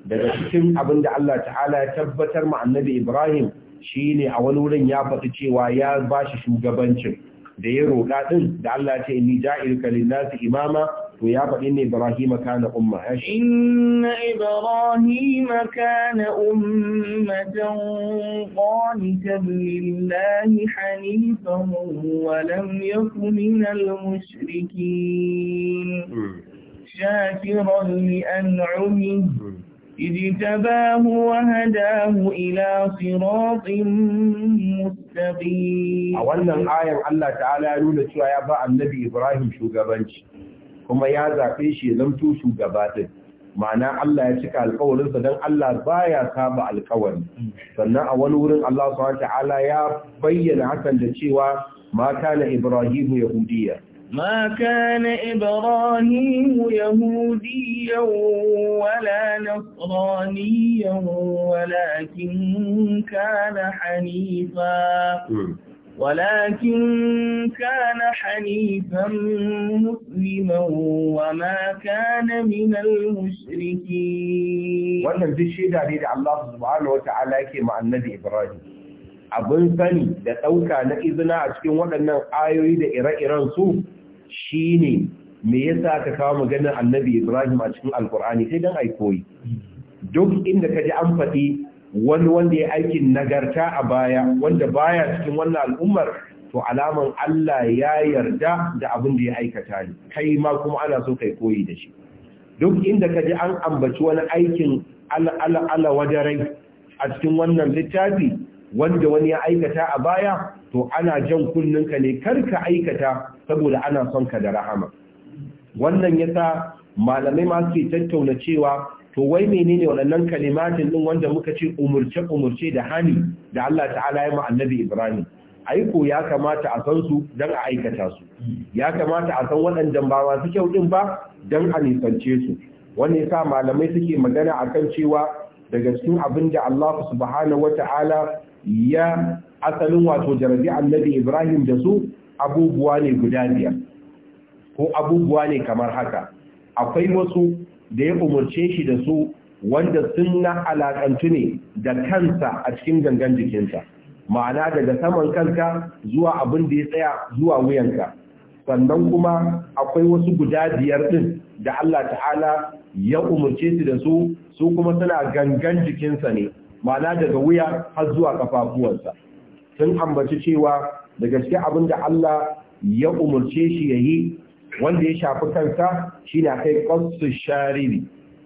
daga cikin abin da Allah ta'ala ya tabbatar ma annabi Ibrahim shine a wani wurin ya faɗi cewa ya bashi shugabancin da ya roƙa ɗin da Allah ce ni ja'ilka lin imama to ya faɗi ne Ibrahim kana umma ya shi inna Ibrahim kana ummatan qanitan lillahi hanifan wa lam yakun minal shafi hmm. shakiran an an'amihi hmm. اجتباه وهداه إلى صراط مستقيم أولا آية الله تعالى يقول شو يا با النبي إبراهيم شو قبنش kuma ya zafe shi ya zamto shugaba din ma'ana Allah ya cika alƙawarinsa don Allah baya saba alƙawari sannan a wani wurin Allah subhanahu ta'ala ya bayyana hakan da cewa ma kana Ibrahim yahudiyya ما كان إبراهيم يهوديا ولا نصرانيا ولكن كان حنيفا ولكن كان حنيفا مسلما وما كان من المشركين wannan duk shaida ne da Allah subhanahu wata'ala yake ma annabi Ibrahim abin sani da ɗauka na izina a cikin waɗannan ayoyi da ire-iren su shine me yasa ka kawo maganar annabi Ibrahim a cikin Alkur'ani sai dan ai koyi duk inda ka ji an faɗi wani wanda ya aikin nagarta a baya wanda baya cikin wannan al'ummar to alaman Allah ya yarda da abin da ya aikata ne kai ma kuma ana so kai koyi da shi duk inda ka ji an ambaci wani aikin ala ala wadarai a cikin wannan littafi wanda wani ya aikata a baya to ana jan kunninka ne kar ka aikata saboda ana son ka da rahama wannan yasa malamai ma suke tattauna cewa to wai menene waɗannan kalimatin din wanda muka ce umurce umurce da hani da Allah ta'ala ya ma annabi Ibrahim aiko ya kamata a san su dan a aikata su ya kamata a san waɗannan ba masu kyau din ba dan a nisance su wannan yasa malamai suke magana akan cewa daga cikin abin da Allah subhanahu wata'ala ya asalin wato jarabi annabi Ibrahim da su abubuwa ne guda biyar ko abubuwa ne kamar haka akwai wasu da ya umarce shi da su wanda sun na alakantu ne da kansa a cikin gangan jikinsa ma'ana daga saman kanka zuwa abin da ya tsaya zuwa wuyanka sannan kuma akwai wasu guda biyar ɗin da Allah ta'ala ya umarce su da su su kuma suna gangan jikinsa ne ma'ana daga wuya har zuwa kafafuwansa sun ambaci cewa da gaske abin da Allah ya umarce shi ya yi wanda ya shafi kansa shi na kai ƙwasu shariri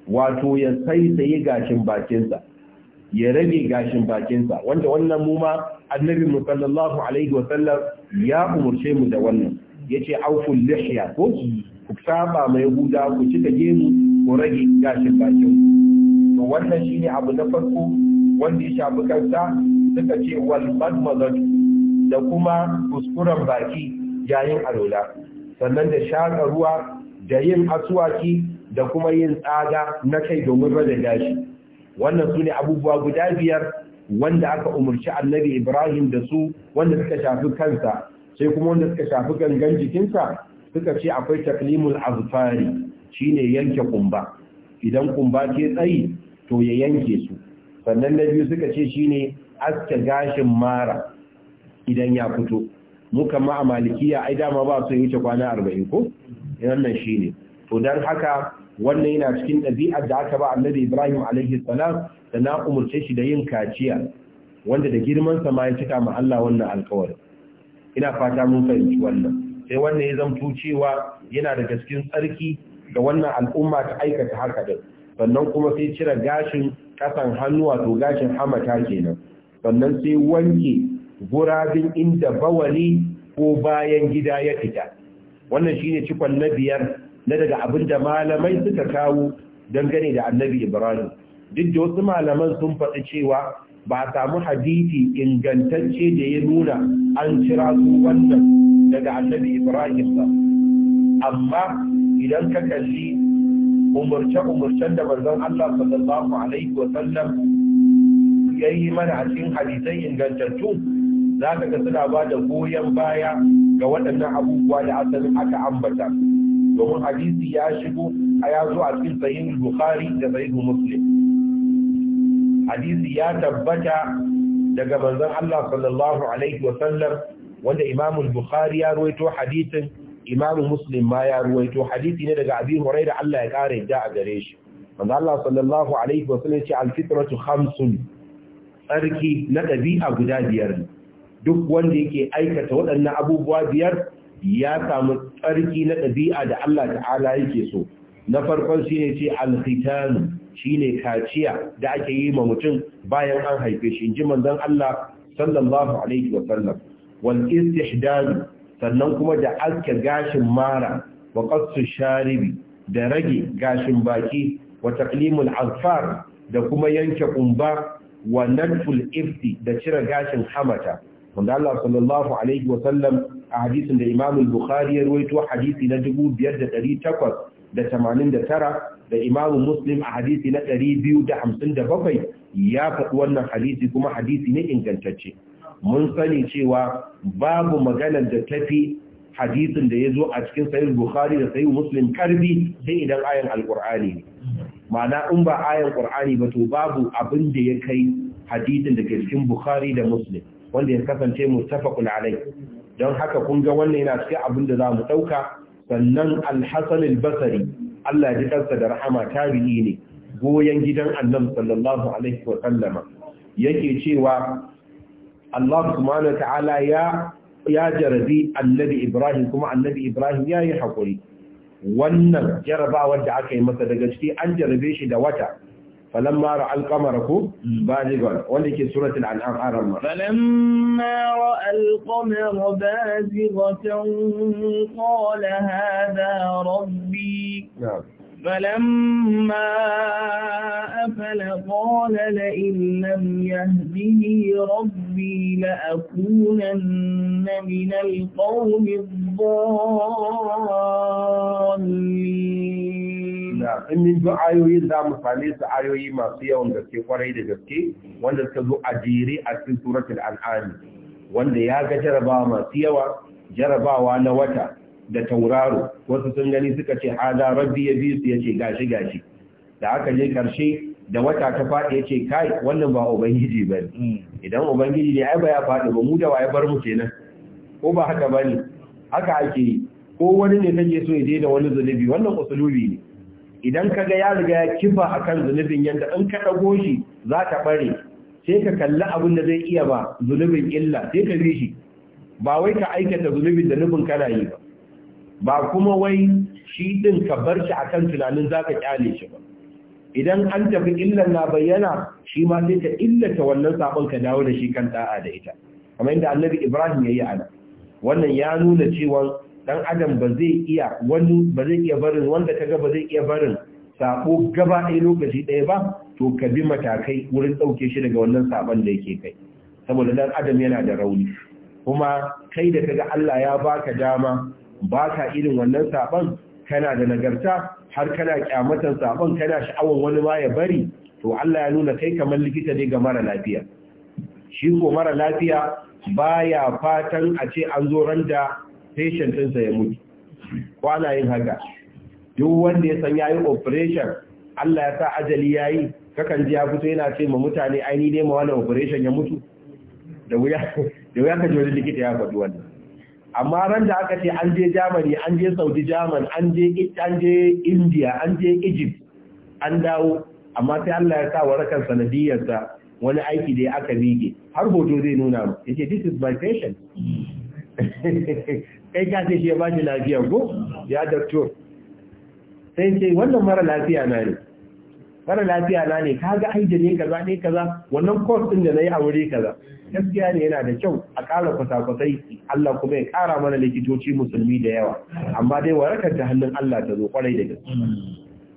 wato ya saisaye gashin bakinsa ya rage gashin bakinsa wanda wannan mu ma annabi musallallahu alaihi wa ya umurce mu da wannan Ya ce auful lihya ko ku saba mai guda ku cika gemu ku rage gashin bakinsa? to wannan ne abu na farko wanda ya shafi kansa suka ce wal madmadat da kuma kuskuren baki yayin alola sannan da shaƙa ruwa da yin asuwaki da kuma yin tsaga na kai domin rage gashi wannan su ne abubuwa guda biyar wanda aka umarci annabi ibrahim da su wanda suka shafi kansa sai kuma wanda suka shafi gangan jikinsa suka ce akwai taklimul azfari shine yanke kumba idan kumba ke tsayi to ya yanke su sannan na biyu suka ce shine aske gashin mara idan ya fito mu kama a malikiya ai dama ba su wuce kwana arba'in ko wannan shine to dan haka wannan yana cikin ɗabi'ar da aka ba annabi Ibrahim alaihi salam da na umurce shi da yin kaciya wanda da girman sa ma ya cika ma Allah wannan alƙawarin ina fata mun fahimci wannan sai wannan ya zamto cewa yana daga cikin tsarki ga wannan al'umma ta aikata haka din sannan kuma sai cire gashin kasan hannu wato gashin hamata kenan sannan sai wanke gurabin inda bawali ko bayan gida ya fita wannan shine cikon na biyar na daga abinda malamai suka kawo dangane da annabi ibrahim duk da wasu malaman sun faɗi cewa ba a samu hadisi ingantacce da ya nuna an cira su wannan daga annabi ibrahim ba amma idan ka kalli umurce-umurcen da manzon Allah sallallahu alaihi wa sallam ya yi mana a cikin hadisai ingantattu za ka ga suna ba da goyon baya ga waɗannan abubuwa da asalin aka ambata domin hadisi ya shigo a ya zo a cikin sahihin bukhari da sahihu muslim hadisi ya tabbata daga manzon Allah sallallahu alaihi wa sallam wanda Imamul Bukhari ya ruwaito hadisin imamu muslim ma ya ruwaito hadisi ne daga abi huraira Allah ya kare da a gare shi manzo Allah sallallahu alaihi wa sallam ce al-fitratu khamsun na dabi'a guda biyar ne duk wanda yake aikata waɗannan abubuwa biyar ya samu tsarki na dabi'a da Allah ta'ala yake so na farkon shine ce al-khitan shine kaciya da ake yi ma mutum bayan an haife shi inji manzon Allah sallallahu alaihi wa sallam wal istihdad sannan kuma da aske gashin mara wa qassu sharibi da rage gashin baki wa taqlimul azfar da kuma yanke kumba wa nadful ifti da cire gashin hamata wanda Allah sallallahu alaihi wa sallam a hadisin da Imam al-Bukhari ya rawaito hadisi na 5889 da Imam Muslim a hadisi na 257 ya faɗi wannan hadisi kuma hadisi ne ingantacce mun sani cewa babu maganar da tafi hadisin da ya zo a cikin sayar bukhari da sayar muslim karbi sai idan ayan alkur'ani ne mana in ba ayan Kur'ani ba to babu abin da ya kai hadisin da ke cikin bukhari da muslim wanda ya kasance mustafakun alai don haka kun ga wannan yana cikin abin da za mu ɗauka sannan alhassan Basari allah ya kansa da rahama tabi'i ne goyon gidan annabi sallallahu alaihi wa sallama yake cewa Allah subhanahu ya ya jarabi annabi Ibrahim kuma annabi Ibrahim ya yi hakuri wannan jarabawar da aka yi masa daga ciki an jarabe shi da wata فلما رأى القمر كو wanda ولكن suratul الأنعام أرمى فلما رأى القمر بازغة قال هذا ربي نعم فلما أفل قال لئن لم يهدني ربي لأكونن من القوم الضالين نعم من آيوي دام فاليس آيوي ما سيون دسكي فريد دسكي وان دسكي أجيري أتن سورة الأنعام وان دياغ جربا ما سيوا جربا وانا وتا da tauraro wasu sun gani suka ce hada rabbi ya biyu su ya ce gashi gashi da aka je karshe da wata ta faɗi ya ce kai wannan ba ubangiji ba ne mm. idan ubangiji ne ai ba ya faɗi ba mu da waye bar mu kenan ko ba haka ba ne haka ake yi ko wani ne kake so ya daina wani zunubi wannan usulubi ne idan ka ga ya riga ya kifa akan zunubin yanda in ka ɗago shi za ta ɓare sai ka kalli abin da zai iya ba zunubin illa sai ka bi shi ba wai ka aikata zunubin da nufin kana yi ba ba kuma wai shi ɗin ka bar shi a tunanin za ka ƙyale shi ba idan an tafi illan na bayyana shi ma sai ka illata wannan sabon ka dawo da shi kan da'a da ita kamar inda annabi ibrahim ya yi ana wannan ya nuna cewa ɗan adam ba zai iya wani ba zai iya barin wanda kaga ba zai iya barin sako gaba ɗaya lokaci ɗaya ba to ka bi matakai wurin ɗauke shi daga wannan sabon da yake kai saboda ɗan adam yana da rauni kuma kai da kaga Allah ya baka dama ba ka irin wannan saban kana da nagarta har kana kyamatan saban kana sha'awan wani ma ya bari to Allah ya nuna kai kamar likita ne ga mara lafiya shi ko mara lafiya baya fatan a ce an zo ran da patient ɗinsa ya mutu kwana yin haka duk wanda ya san yayi operation Allah ya sa ajali yayi kakan ji ya fito yana ce ma mutane ai ni ma wannan operation ya mutu da wuya da wuya ka ji wani likita ya faɗi wannan amma ran da aka ce an je Germany an je Saudi German an je India an je Egypt an dawo amma sai Allah ya sa warakan sanadiyarsa wani aiki da ya aka rige har hoto zai nuna mu yace this is my patient kai ka ce shi ya ba shi lafiya ko ya doctor sai ce wannan mara lafiya na ne mara lafiya na ne ka ga aida ne kaza ne kaza wannan course ɗin da nayi a wuri kaza gaskiya ne yana da kyau a ƙara kwasa Allah kuma ya ƙara mana likitoci musulmi da yawa amma dai warakar ta hannun Allah ta zo kwarai da gaske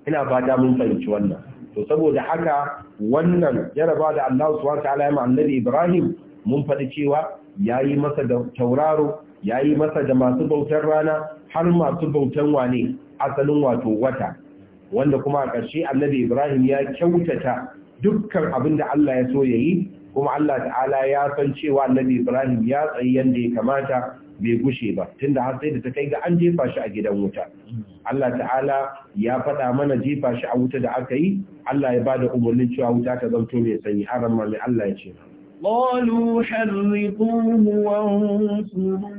ina fata mun fahimci wannan to saboda haka wannan jaraba da Allah subhanahu ta'ala ya annabi Ibrahim mun faɗi cewa yayi masa da tauraro yayi masa da masu bautar rana har masu bautan wane asalin wato wata wanda kuma a ƙarshe annabi Ibrahim ya kyautata dukkan abin da Allah ya so ya yi kuma Allah ta'ala ya san cewa annabi Ibrahim ya tsayi yanda ya kamata bai gushe ba tunda har sai da ta kai ga an jefa shi a gidan wuta Allah ta'ala ya faɗa mana jefa shi a wuta da aka yi Allah ya bada umarnin cewa wuta ta zanto mai sanyi haram mai Allah ya ce قالوا حرقوه وانصروا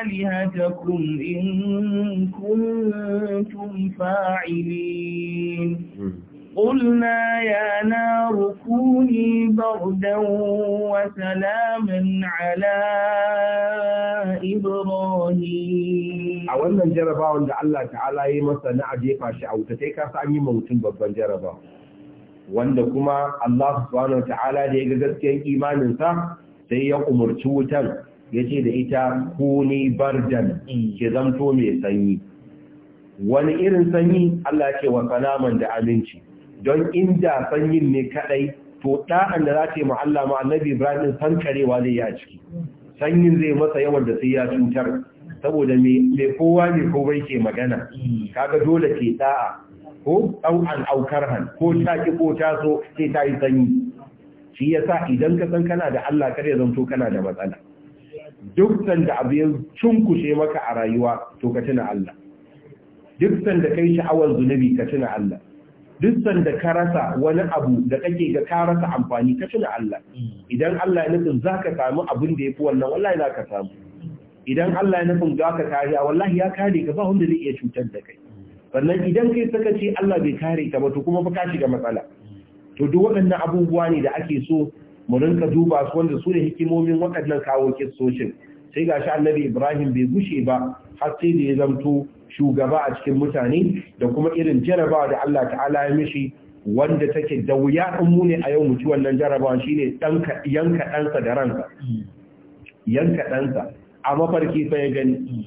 آلهتكم إن كنتم فاعلين قلنا يا نار كوني بردا وسلاما على إبراهيم أولا جربا عند الله تعالى يمسى نعجيب عشاء وتتكاس عن يموتين ببا جربا wanda kuma Allah subhanahu ta'ala da ya ga gaskiyar imaninsa sai ya umarci wutan ya ce da ita kuni bardan ke zamto mai sanyi wani irin sanyi Allah ce wa salaman da aminci don inda sanyin ne kadai to da'an da za ta yi ma'alla ma annabi ibrahim karewa zai ya ciki sanyin zai masa yawan da sai ya cutar saboda mai kowa ne ko bai ke magana mm. kaga dole ke da'a ko ɗau'an han ko ta ki ko ta so sai ta yi sanyi shi yasa idan ka san kana da Allah kar ya zanto kana da matsala duk sanda abu ya cunkushe maka a rayuwa to ka tuna Allah duk sanda kai sha'awar zunubi ka tuna Allah duk sanda ka rasa wani abu da kake ga ka rasa amfani ka tuna Allah idan Allah ya nufin zaka samu abin da yafi wannan wallahi zaka samu idan Allah ya nufin zaka kariya wallahi ya kare ka ba wanda zai iya cutar da kai sannan idan kai saka ce Allah bai kare ka ba to kuma fa ka shiga matsala to duk waɗannan abubuwa ne da ake so mu rinka duba su wanda su ne hikimomin waɗannan kawo kissoshin sai ga shi annabi Ibrahim bai gushe ba har sai da ya zamto shugaba a cikin mutane da kuma irin jarabawa da Allah ta'ala ya mishi wanda take da wuya in mu ne a yau mu ci wannan jarabawa shine ka yanka ɗansa da ranka hmm. yanka ɗansa a mafarki ya gani hmm.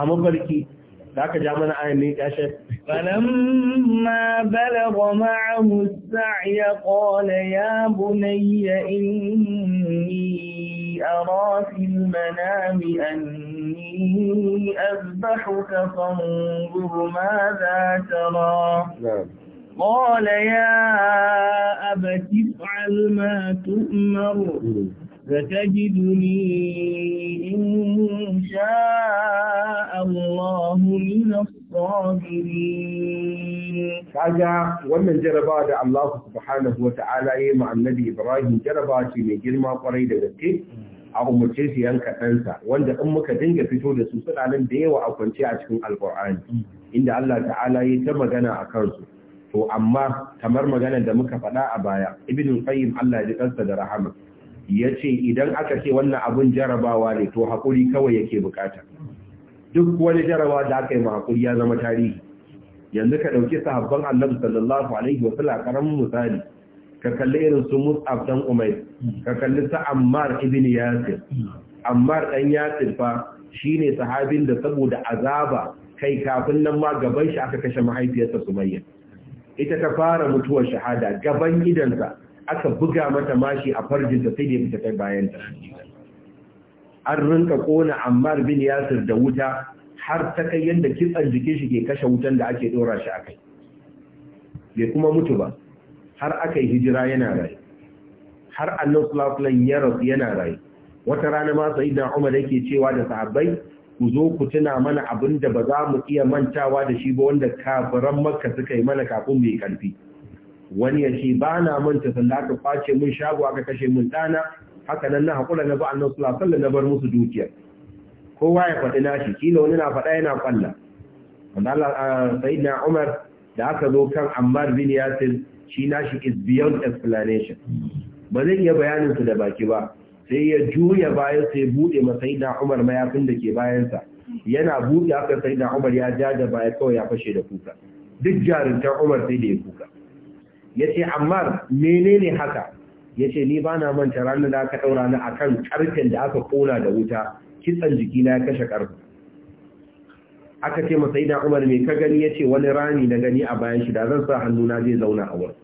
a mafarki ذاك جامنا عيني يا فلما بلغ معه السعي قال يا بني إني أرى في المنام أني أذبحك فانظر ماذا ترى نعم قال يا أبت افعل ما تؤمر ستجدني إن شاء الله من الصابرين kaga wannan jaraba da Allah subhanahu wa ta'ala ya ma annabi Ibrahim jaraba ce mai girma kwarai da gaske a umarce su yanka ɗansa wanda in muka dinga fito da su suna nan da yawa a kwance a cikin alkur'ani inda Allah ta'ala ya ta magana a kansu to amma kamar maganar da muka faɗa a baya ibn qayyim Allah ya ji kansa da rahama ya ce idan aka ce wannan abun jarabawa ne to haƙuri kawai yake bukata duk wani jarabawa da aka yi ma haƙuri ya zama tarihi yanzu ka ɗauki sahabban annabi sallallahu alaihi wa sallam karamin misali ka kalli irin su mus'ab dan umayr ka kalli sa ammar ibn yasir ammar dan yasir fa shine sahabin da saboda azaba kai kafin nan ma gaban shi aka kashe mahaifiyarsa sumayya ita ta fara mutuwar shahada gaban gidansa aka buga mata mashi a farjin ta sai da ya fita kai bayanta an rinka kona ammar bin yasir da wuta har ta kai yadda kitsan jikin shi ke kashe wutan da ake dora shi akai bai kuma mutu ba har aka yi hijira yana rai har annan sulafulan ya yana rai wata rana ma sai da umar yake cewa da sahabbai ku zo ku tuna mana abin da ba za mu iya mantawa da shi ba wanda kafiran makka suka yi mana kafin mai karfi wani ya ce ba na manta sanda aka kwace min shago aka kashe mun dana haka nan na hakura na ba nan sallallahu alaihi na bar musu dukiya kowa ya faɗi nashi kila wani na faɗa yana kwalla wanda Allah na Umar da aka zo kan Ammar bin Yasir shi nashi is beyond explanation ba zai iya bayanin su da baki ba sai ya juya bayan sai buɗe ma sayyidina Umar mayafin da ke bayansa yana buɗe aka sayyidina Umar ya ja da baya kawai ya fashe da kuka duk jarintar Umar sai da ya kuka ya ce ammar menene haka ya ce ni ba na manta ranar da aka ɗaura na a kan ƙarfen da aka kona da wuta kitsan jikina ya kashe ƙarfi aka ce masai da umar mai ka gani ya ce wani rami na gani a bayan shi da zan sa hannuna zai zauna a wurin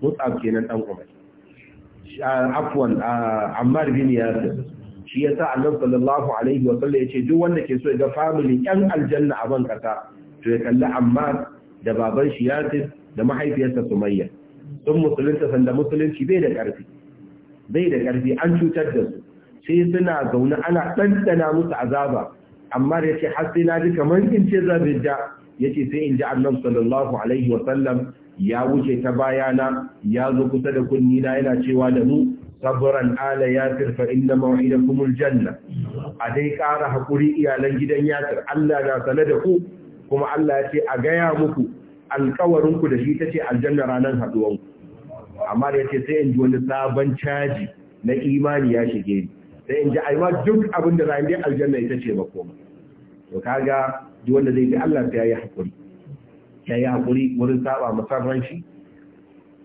ke kenan ɗan umar afwan ammar bin yasir shi ya yasa nan sallallahu alaihi wa ya ce, duk wanda ke so ya ga famili yan aljanna a ban kasa to ya kalli ammar da baban shi yasir da mahaifiyarsa Sumayya sun musulunta sanda musulunci bai da ƙarfi bai da ƙarfi an cutar da su sai suna zaune ana ɗanɗana musu azaba amma da yace har na ji kamar ce zabin da yace sai in ji annabi sallallahu alaihi wa sallam ya wuce ta bayana ya zo kusa da kunni na yana cewa da mu sabran ala yasir fa inna maw'idakumul janna a dai ƙara hakuri iyalan gidan yasir Allah na sane da ku kuma Allah ya ce a gaya muku alkawarinku da shi ta ce aljanna ranar haduwanku amma da ya ce sai in wani sabon caji na imani ya shige ni sai in ji ma duk abin da zai aljanna ita ce ba koma to kaga duk wanda zai fi Allah ya yayi hakuri yi hakuri wurin saba masarran shi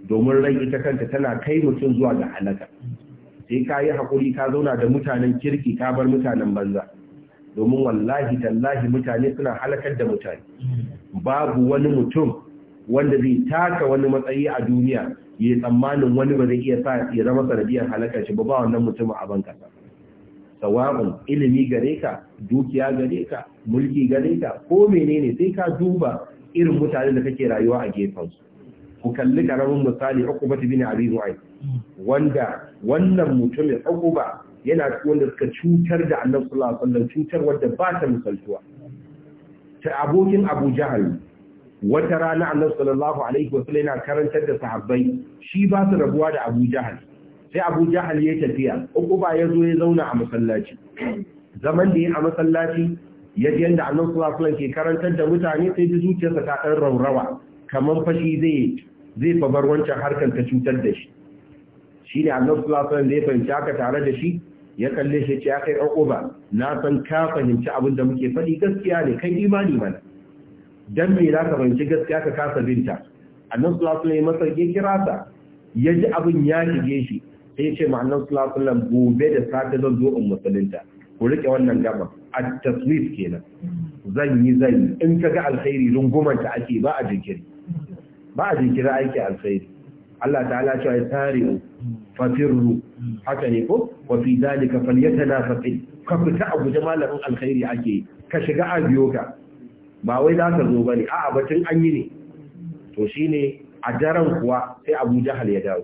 domin rai ita kanta tana kai mutum zuwa ga halaka sai ka yi hakuri ka zauna da mutanen kirki ka bar mutanen banza domin wallahi tallahi mutane suna halakar da mutane babu wani mutum wanda zai taka wani matsayi a duniya ya yi tsammanin wani ba zai iya sa ya zama sanadiyar halakar shi ba ba wannan mutum a ban kasa sawa'un ilimi gare ka dukiya gare ka mulki gare ka ko menene sai ka duba irin mutane da kake rayuwa a gefansu ku kalli karamin misali Uqba bin Abi Mu'ayth wanda wannan mutumin ukuba yana wanda suka cutar da annabi sallallahu alaihi wasallam cutar wadda ba ta misaltuwa ta abokin Abu Jahal wata rana annabi sallallahu alaihi wasallam yana karantar da sahabbai shi ba su rabuwa da Abu Jahal sai Abu Jahal ya tafiya ba ya zo ya zauna a masallaci zaman da ya a masallaci ya ji yanda annabi sallallahu alaihi wasallam ke karantar da mutane sai ji zuciyarsa ta dan raurawa kamar fashi zai zai fa bar wancan harkar ta cutar da shi shine annabi sallallahu alaihi wasallam da ya fahimci haka tare da shi ya kalle shi ce ya kai ba na san ka fahimci abin da muke faɗi gaskiya ne kai imani mana dan me za ka fahimci gaskiya ka kasa binta annabi sallallahu alaihi wasallam ya kira sa ya ji abin ya shige shi sai ya ce ma annabi sallallahu alaihi wasallam gobe da safe zan zo in musulunta ku rike wannan gaba A taswif kenan zan yi zan yi in kaga alkhairi rungumanta ake ba a jinkiri ba a jinkiri aiki alkhairi Allah ta'ala cewa ya tare fatirru haka ne ko wa fi zalika falyatanafasil ka fita a guje malamin alkhairi ake ka shiga a ka ba wai za ka zo bane a'a batun an yi ne to shine a daren kuwa sai Abu Jahal ya dawo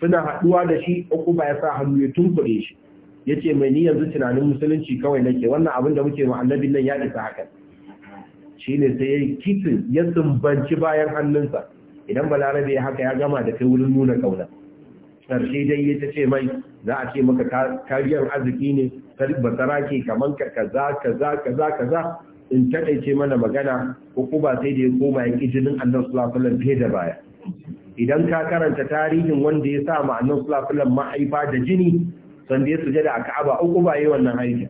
suna haduwa da shi uku ba ya sa hannu ya tunkure shi yace mai ni yanzu tunanin musulunci kawai nake wannan abin da muke mu annabin nan ya isa haka shine sai ya kitin ya sumbanci bayan hannunsa idan balarabe ya haka ya gama da kai wurin nuna kauna karshe dai ya ta ce mai za a ce maka kariyar arziki ne tsara ke kaman ka kaza kaza kaza kaza in taɗaice mana magana ko ba sai da ya koma ya ƙi jinin annan sulafulan fiye da baya idan ka karanta tarihin wanda ya sa ma annan sulafulan mahaifa da jini sanda ya sujada a ka'aba uku ba yi wannan aikin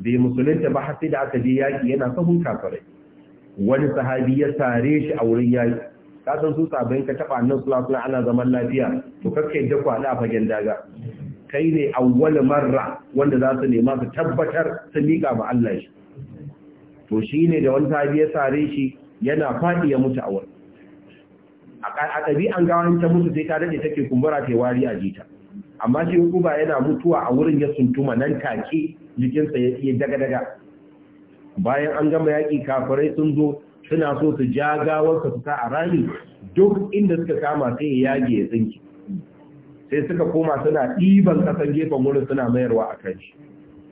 bai musulunta ba har da aka je yaƙi yana sahun kafirai wani sahabi ya sare shi a wurin yaƙi ka san su sabin ka taba annabi sallallahu alaihi ana zaman lafiya to kake da ku a fagen daga kai ne awwal marra wanda za su nema su tabbatar su miƙa ba Allah shi to shine da wani sahabi ya sare shi yana fadi ya mutu a wani. a ɗabi'an gawan ta mutu sai ta daɗe take kumbura ta wari a jita amma shi ba yana mutuwa a wurin ya suntuma nan take jikinsa ya daga daga bayan an gama yaƙi kafirai sun zo suna so su ja gawarsa fita a rami duk inda suka kama sai ya yage ya tsinki sai suka koma suna ɗiban ƙasan gefen wurin suna mayarwa a kan shi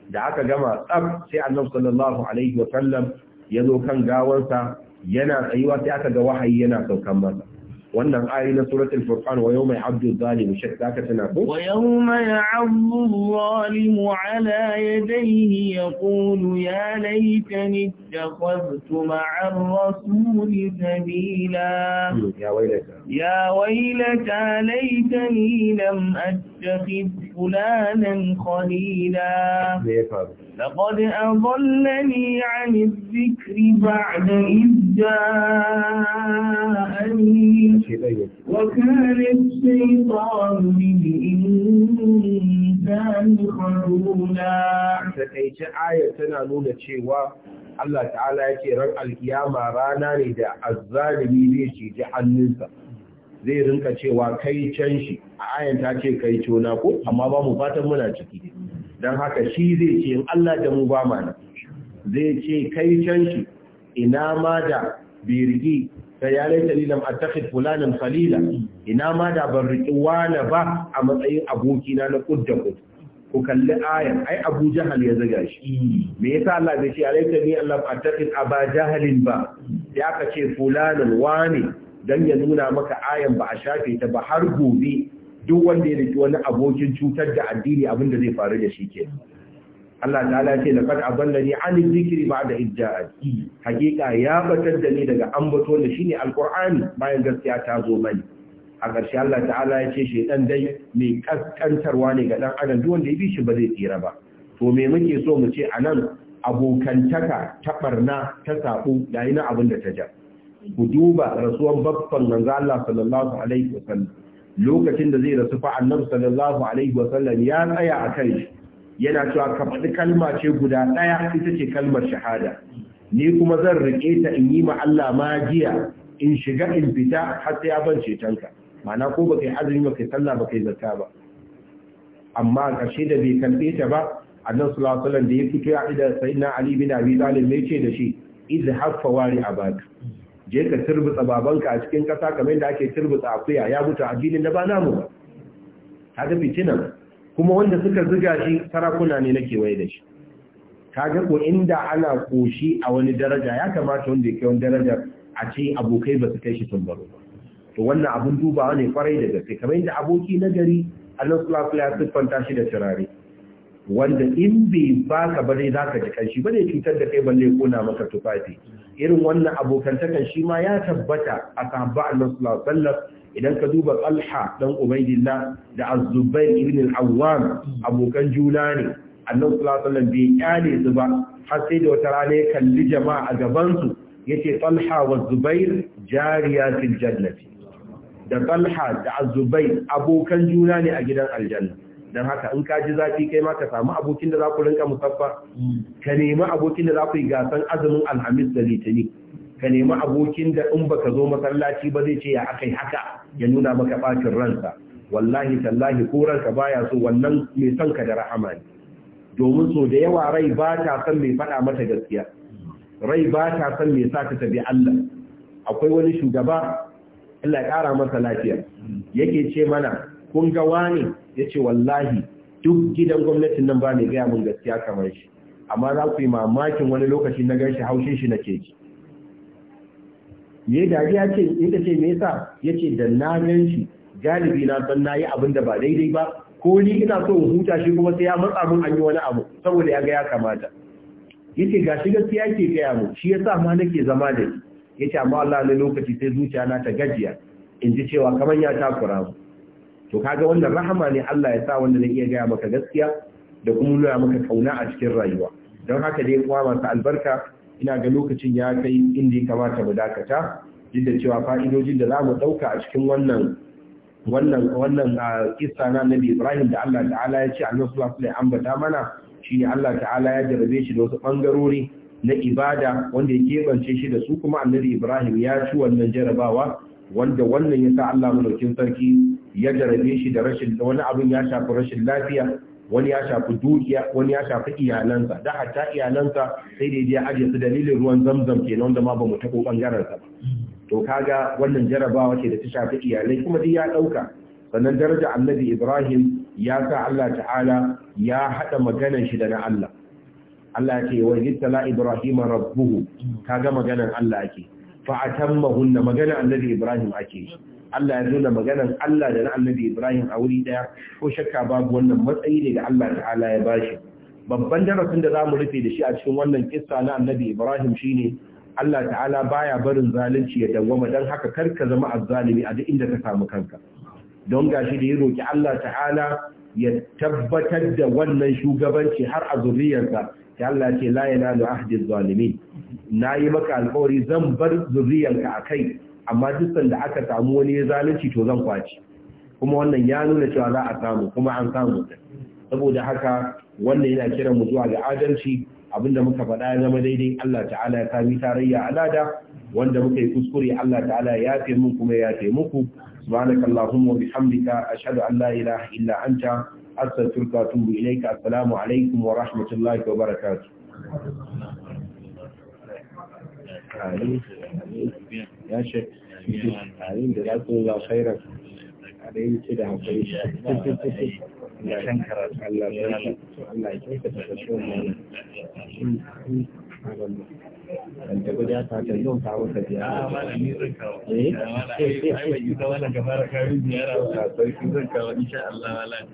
da aka gama tsaf sai annabi sallallahu alaihi wa sallam ya zo kan gawarsa yana tsayuwa sai aka ga wahayi yana saukan masa wannan ayi na suratul furqan wa yawma ya'abdu adh-dhalimu shak zaka tana ko wa yawma ya'abdu adh-dhalimu ala yadayhi yaqulu ya laytani ittakhadhtu ma'a ar-rasuli sabila hmm, ya waylata يا ويلتى ليتني لم أتخذ فلانا خليلا لقد أضلني عن الذكر بعد إذ جاءني وكان الشيطان للإنسان خلولا تكيت آية تنانون تشيوا الله تعالى يكي ce القيامة رانا لدى ne da azzalimi zai rinka cewa kai can shi a ayan ta ce kai cona ko amma ba mu fatan muna ciki don haka shi zai ce in Allah da mu ba mana zai ce kai can shi ina ma da birgi ta yalai talilan a takhid fulanin salila ina ma da ban riƙi wani ba a matsayin abokina na kudda kudu ku kalli ayan ai abu jahal ya zaga shi me yasa Allah bai ce alaita ni Allah attakin aba jahalin ba ya kace ce fulanan wani don ya nuna maka ayan ba a shafe ta ba har gobe duk wanda ya rike wani abokin cutar da addini abin da zai faru da shi ke Allah ta'ala ce laqad aballani an dhikri ba'da idda'i hakika ya batar da ni daga ambato da shine alqur'ani bayan gaskiya ta zo mani a ƙarshe Allah ta'ala ya ce shedan dai mai kaskantarwa ne ga dan adam duk wanda ya bi shi ba zai tsira ba to me muke so mu ce anan abokantaka ta barna ta sabo yayin abin da ta ja ku duba rasuwan babban manzo Allah sallallahu alaihi wasallam lokacin da zai rasu fa annabi sallallahu alaihi wasallam ya tsaya a kai yana cewa ka faɗi kalma ce guda ɗaya ita ce kalmar shahada ni kuma zan rike ta in yi ma Allah magiya in shiga in fita har sai ya ban cetonka ma'ana ko ba kai azumi ba kai sallah baka yi zakka ba amma a ƙarshe da bai karɓe ta ba annabi sallallahu alaihi wasallam da ya fito ya da sayyidina ali bin abi talib ne ce da shi idhhab a abaka je ka turbutsa babanka a cikin ƙasa kamar da ake turbutsa akuya ya mutu addinin da ba namu ba Ta ga fitina kuma wanda suka ziga shi sarakuna ne na kewaye da shi ga ko inda ana koshi a wani daraja ya kamata wanda ya kai wani daraja a ce abokai ba su kai shi tumbaro ba to wannan abun dubawa ne kwarai da gaske kamar yadda aboki na gari Allah subhanahu wa ya siffanta shi da turare wanda in bai baka ba dai zaka ji kanshi ba dai cutar da kai balle kona maka tufafi irin wannan abokantakan shi ma ya tabbata a sahabba Allah sallallahu alaihi wasallam idan ka duba Talha dan Ubaidillah da Az-Zubair ibn al-Awwam abokan juna ne Allah sallallahu alaihi wasallam bai kyale su ba har sai da wata rana ya kalli jama'a a gaban su yace Talha wa Zubair jariyatil jannati da Talha da Az-Zubair abokan juna ne a gidan aljanna don haka in ka ji zafi kai ma ka samu abokin da za ku rinka musaffa ka nemi abokin da za ku yi gasan azumin alhamis da litini ka nemi abokin da in baka zo masallaci ba zai ce ya akai haka ya nuna maka bakin ransa wallahi tallahi ko ranka baya so wannan mai son ka da rahama ne domin so da yawa rai ba ta san mai faɗa mata gaskiya rai ba ta san mai sa ta tabi Allah akwai wani shugaba Allah ya ƙara masa lafiya yake ce mana kun ga wani ya ce wallahi duk gidan gwamnatin nan ba ne gaya mun gaskiya kamar shi amma za ku yi mamakin wani lokaci na ganshi haushin shi na keji me dariya ce in ce me yasa ya ce da na gan shi galibi na san na yi abin da ba daidai ba ko ni ina so in huta shi kuma sai ya matsa mun an wani abu saboda ya ga ya kamata yace ga shi gaskiya ke gaya mu shi yasa ma nake zama da shi yace amma Allah ne lokaci sai zuciya na ta gajiya in ji cewa kamar ya takura mu to kaga wannan rahama ne Allah ya sa wanda zai iya gaya maka gaskiya da kuma nuna maka kauna a cikin rayuwa don haka dai kuma masu albarka ina ga lokacin ya kai inda ya kamata mu dakata duk da cewa fa'idojin da za mu ɗauka a cikin wannan wannan wannan kissa na Nabi Ibrahim da Allah ta'ala ya ce Allah sallallahu alaihi ambata mana shine Allah ta'ala ya jarabe shi da wasu bangarori na ibada wanda ya kebance shi da su kuma Annabi Ibrahim ya ci wannan jarabawa wanda wannan ya sa Allah mulkin sarki ya jarabe shi da rashin da wani abin ya shafi rashin lafiya wani ya shafi dukiya wani ya shafi iyalansa da hatta iyalansa sai dai ya aje su dalilin ruwan zamzam kenan wanda ma ba mu taɓo bangaren sa ba to kaga wannan jarabawa ce da ta shafi iyalai kuma dai ya ɗauka sannan daraja annabi Ibrahim ya sa Allah ta'ala ya haɗa maganar shi da na Allah Allah ya ce wa jittala Ibrahim rabbuhu kaga maganar Allah ake Fa'atan mahunna magana annabi Ibrahim ake yi Allah ya nuna maganan Allah da na annabi Ibrahim a wuri daya ko shakka babu wannan matsayi ne da Allah ta'ala ya bashi babban darasin da zamu rufe da shi a cikin wannan kissa na annabi Ibrahim shine Allah ta'ala baya barin zalunci ya dawwama dan haka karka zama azzalimi a duk inda ka samu kanka don gashi da ya roki Allah ta'ala ya tabbatar da wannan shugabanci har a zuriyarsa ya Allah ce la yanalu ahdi zalimin na yi maka alkawari zan bar zuriyanka a kai amma duk da aka samu wani ya zalunci to zan kwaci kuma wannan ya nuna cewa za a samu kuma an samu saboda haka wannan yana kiran mu zuwa ga adalci abinda muka faɗa ya zama daidai Allah ta'ala ya sami tarayya alada wanda muka yi kuskure Allah ta'ala ya yafe mun kuma ya yafe muku subhanakallahumma wa bihamdika ashhadu an la ilaha illa anta astaghfiruka wa atubu ilayka assalamu alaikum wa rahmatullahi wa barakatuh آمين يا شيخ آمين جزاكم الله خيرا عليه كده da Allah da guda ta Allah ya kawo ka ziyara. A ah, mana ni zan kawo. Eh? Ai bai yi ta wani gaba ziyara insha Allah wala.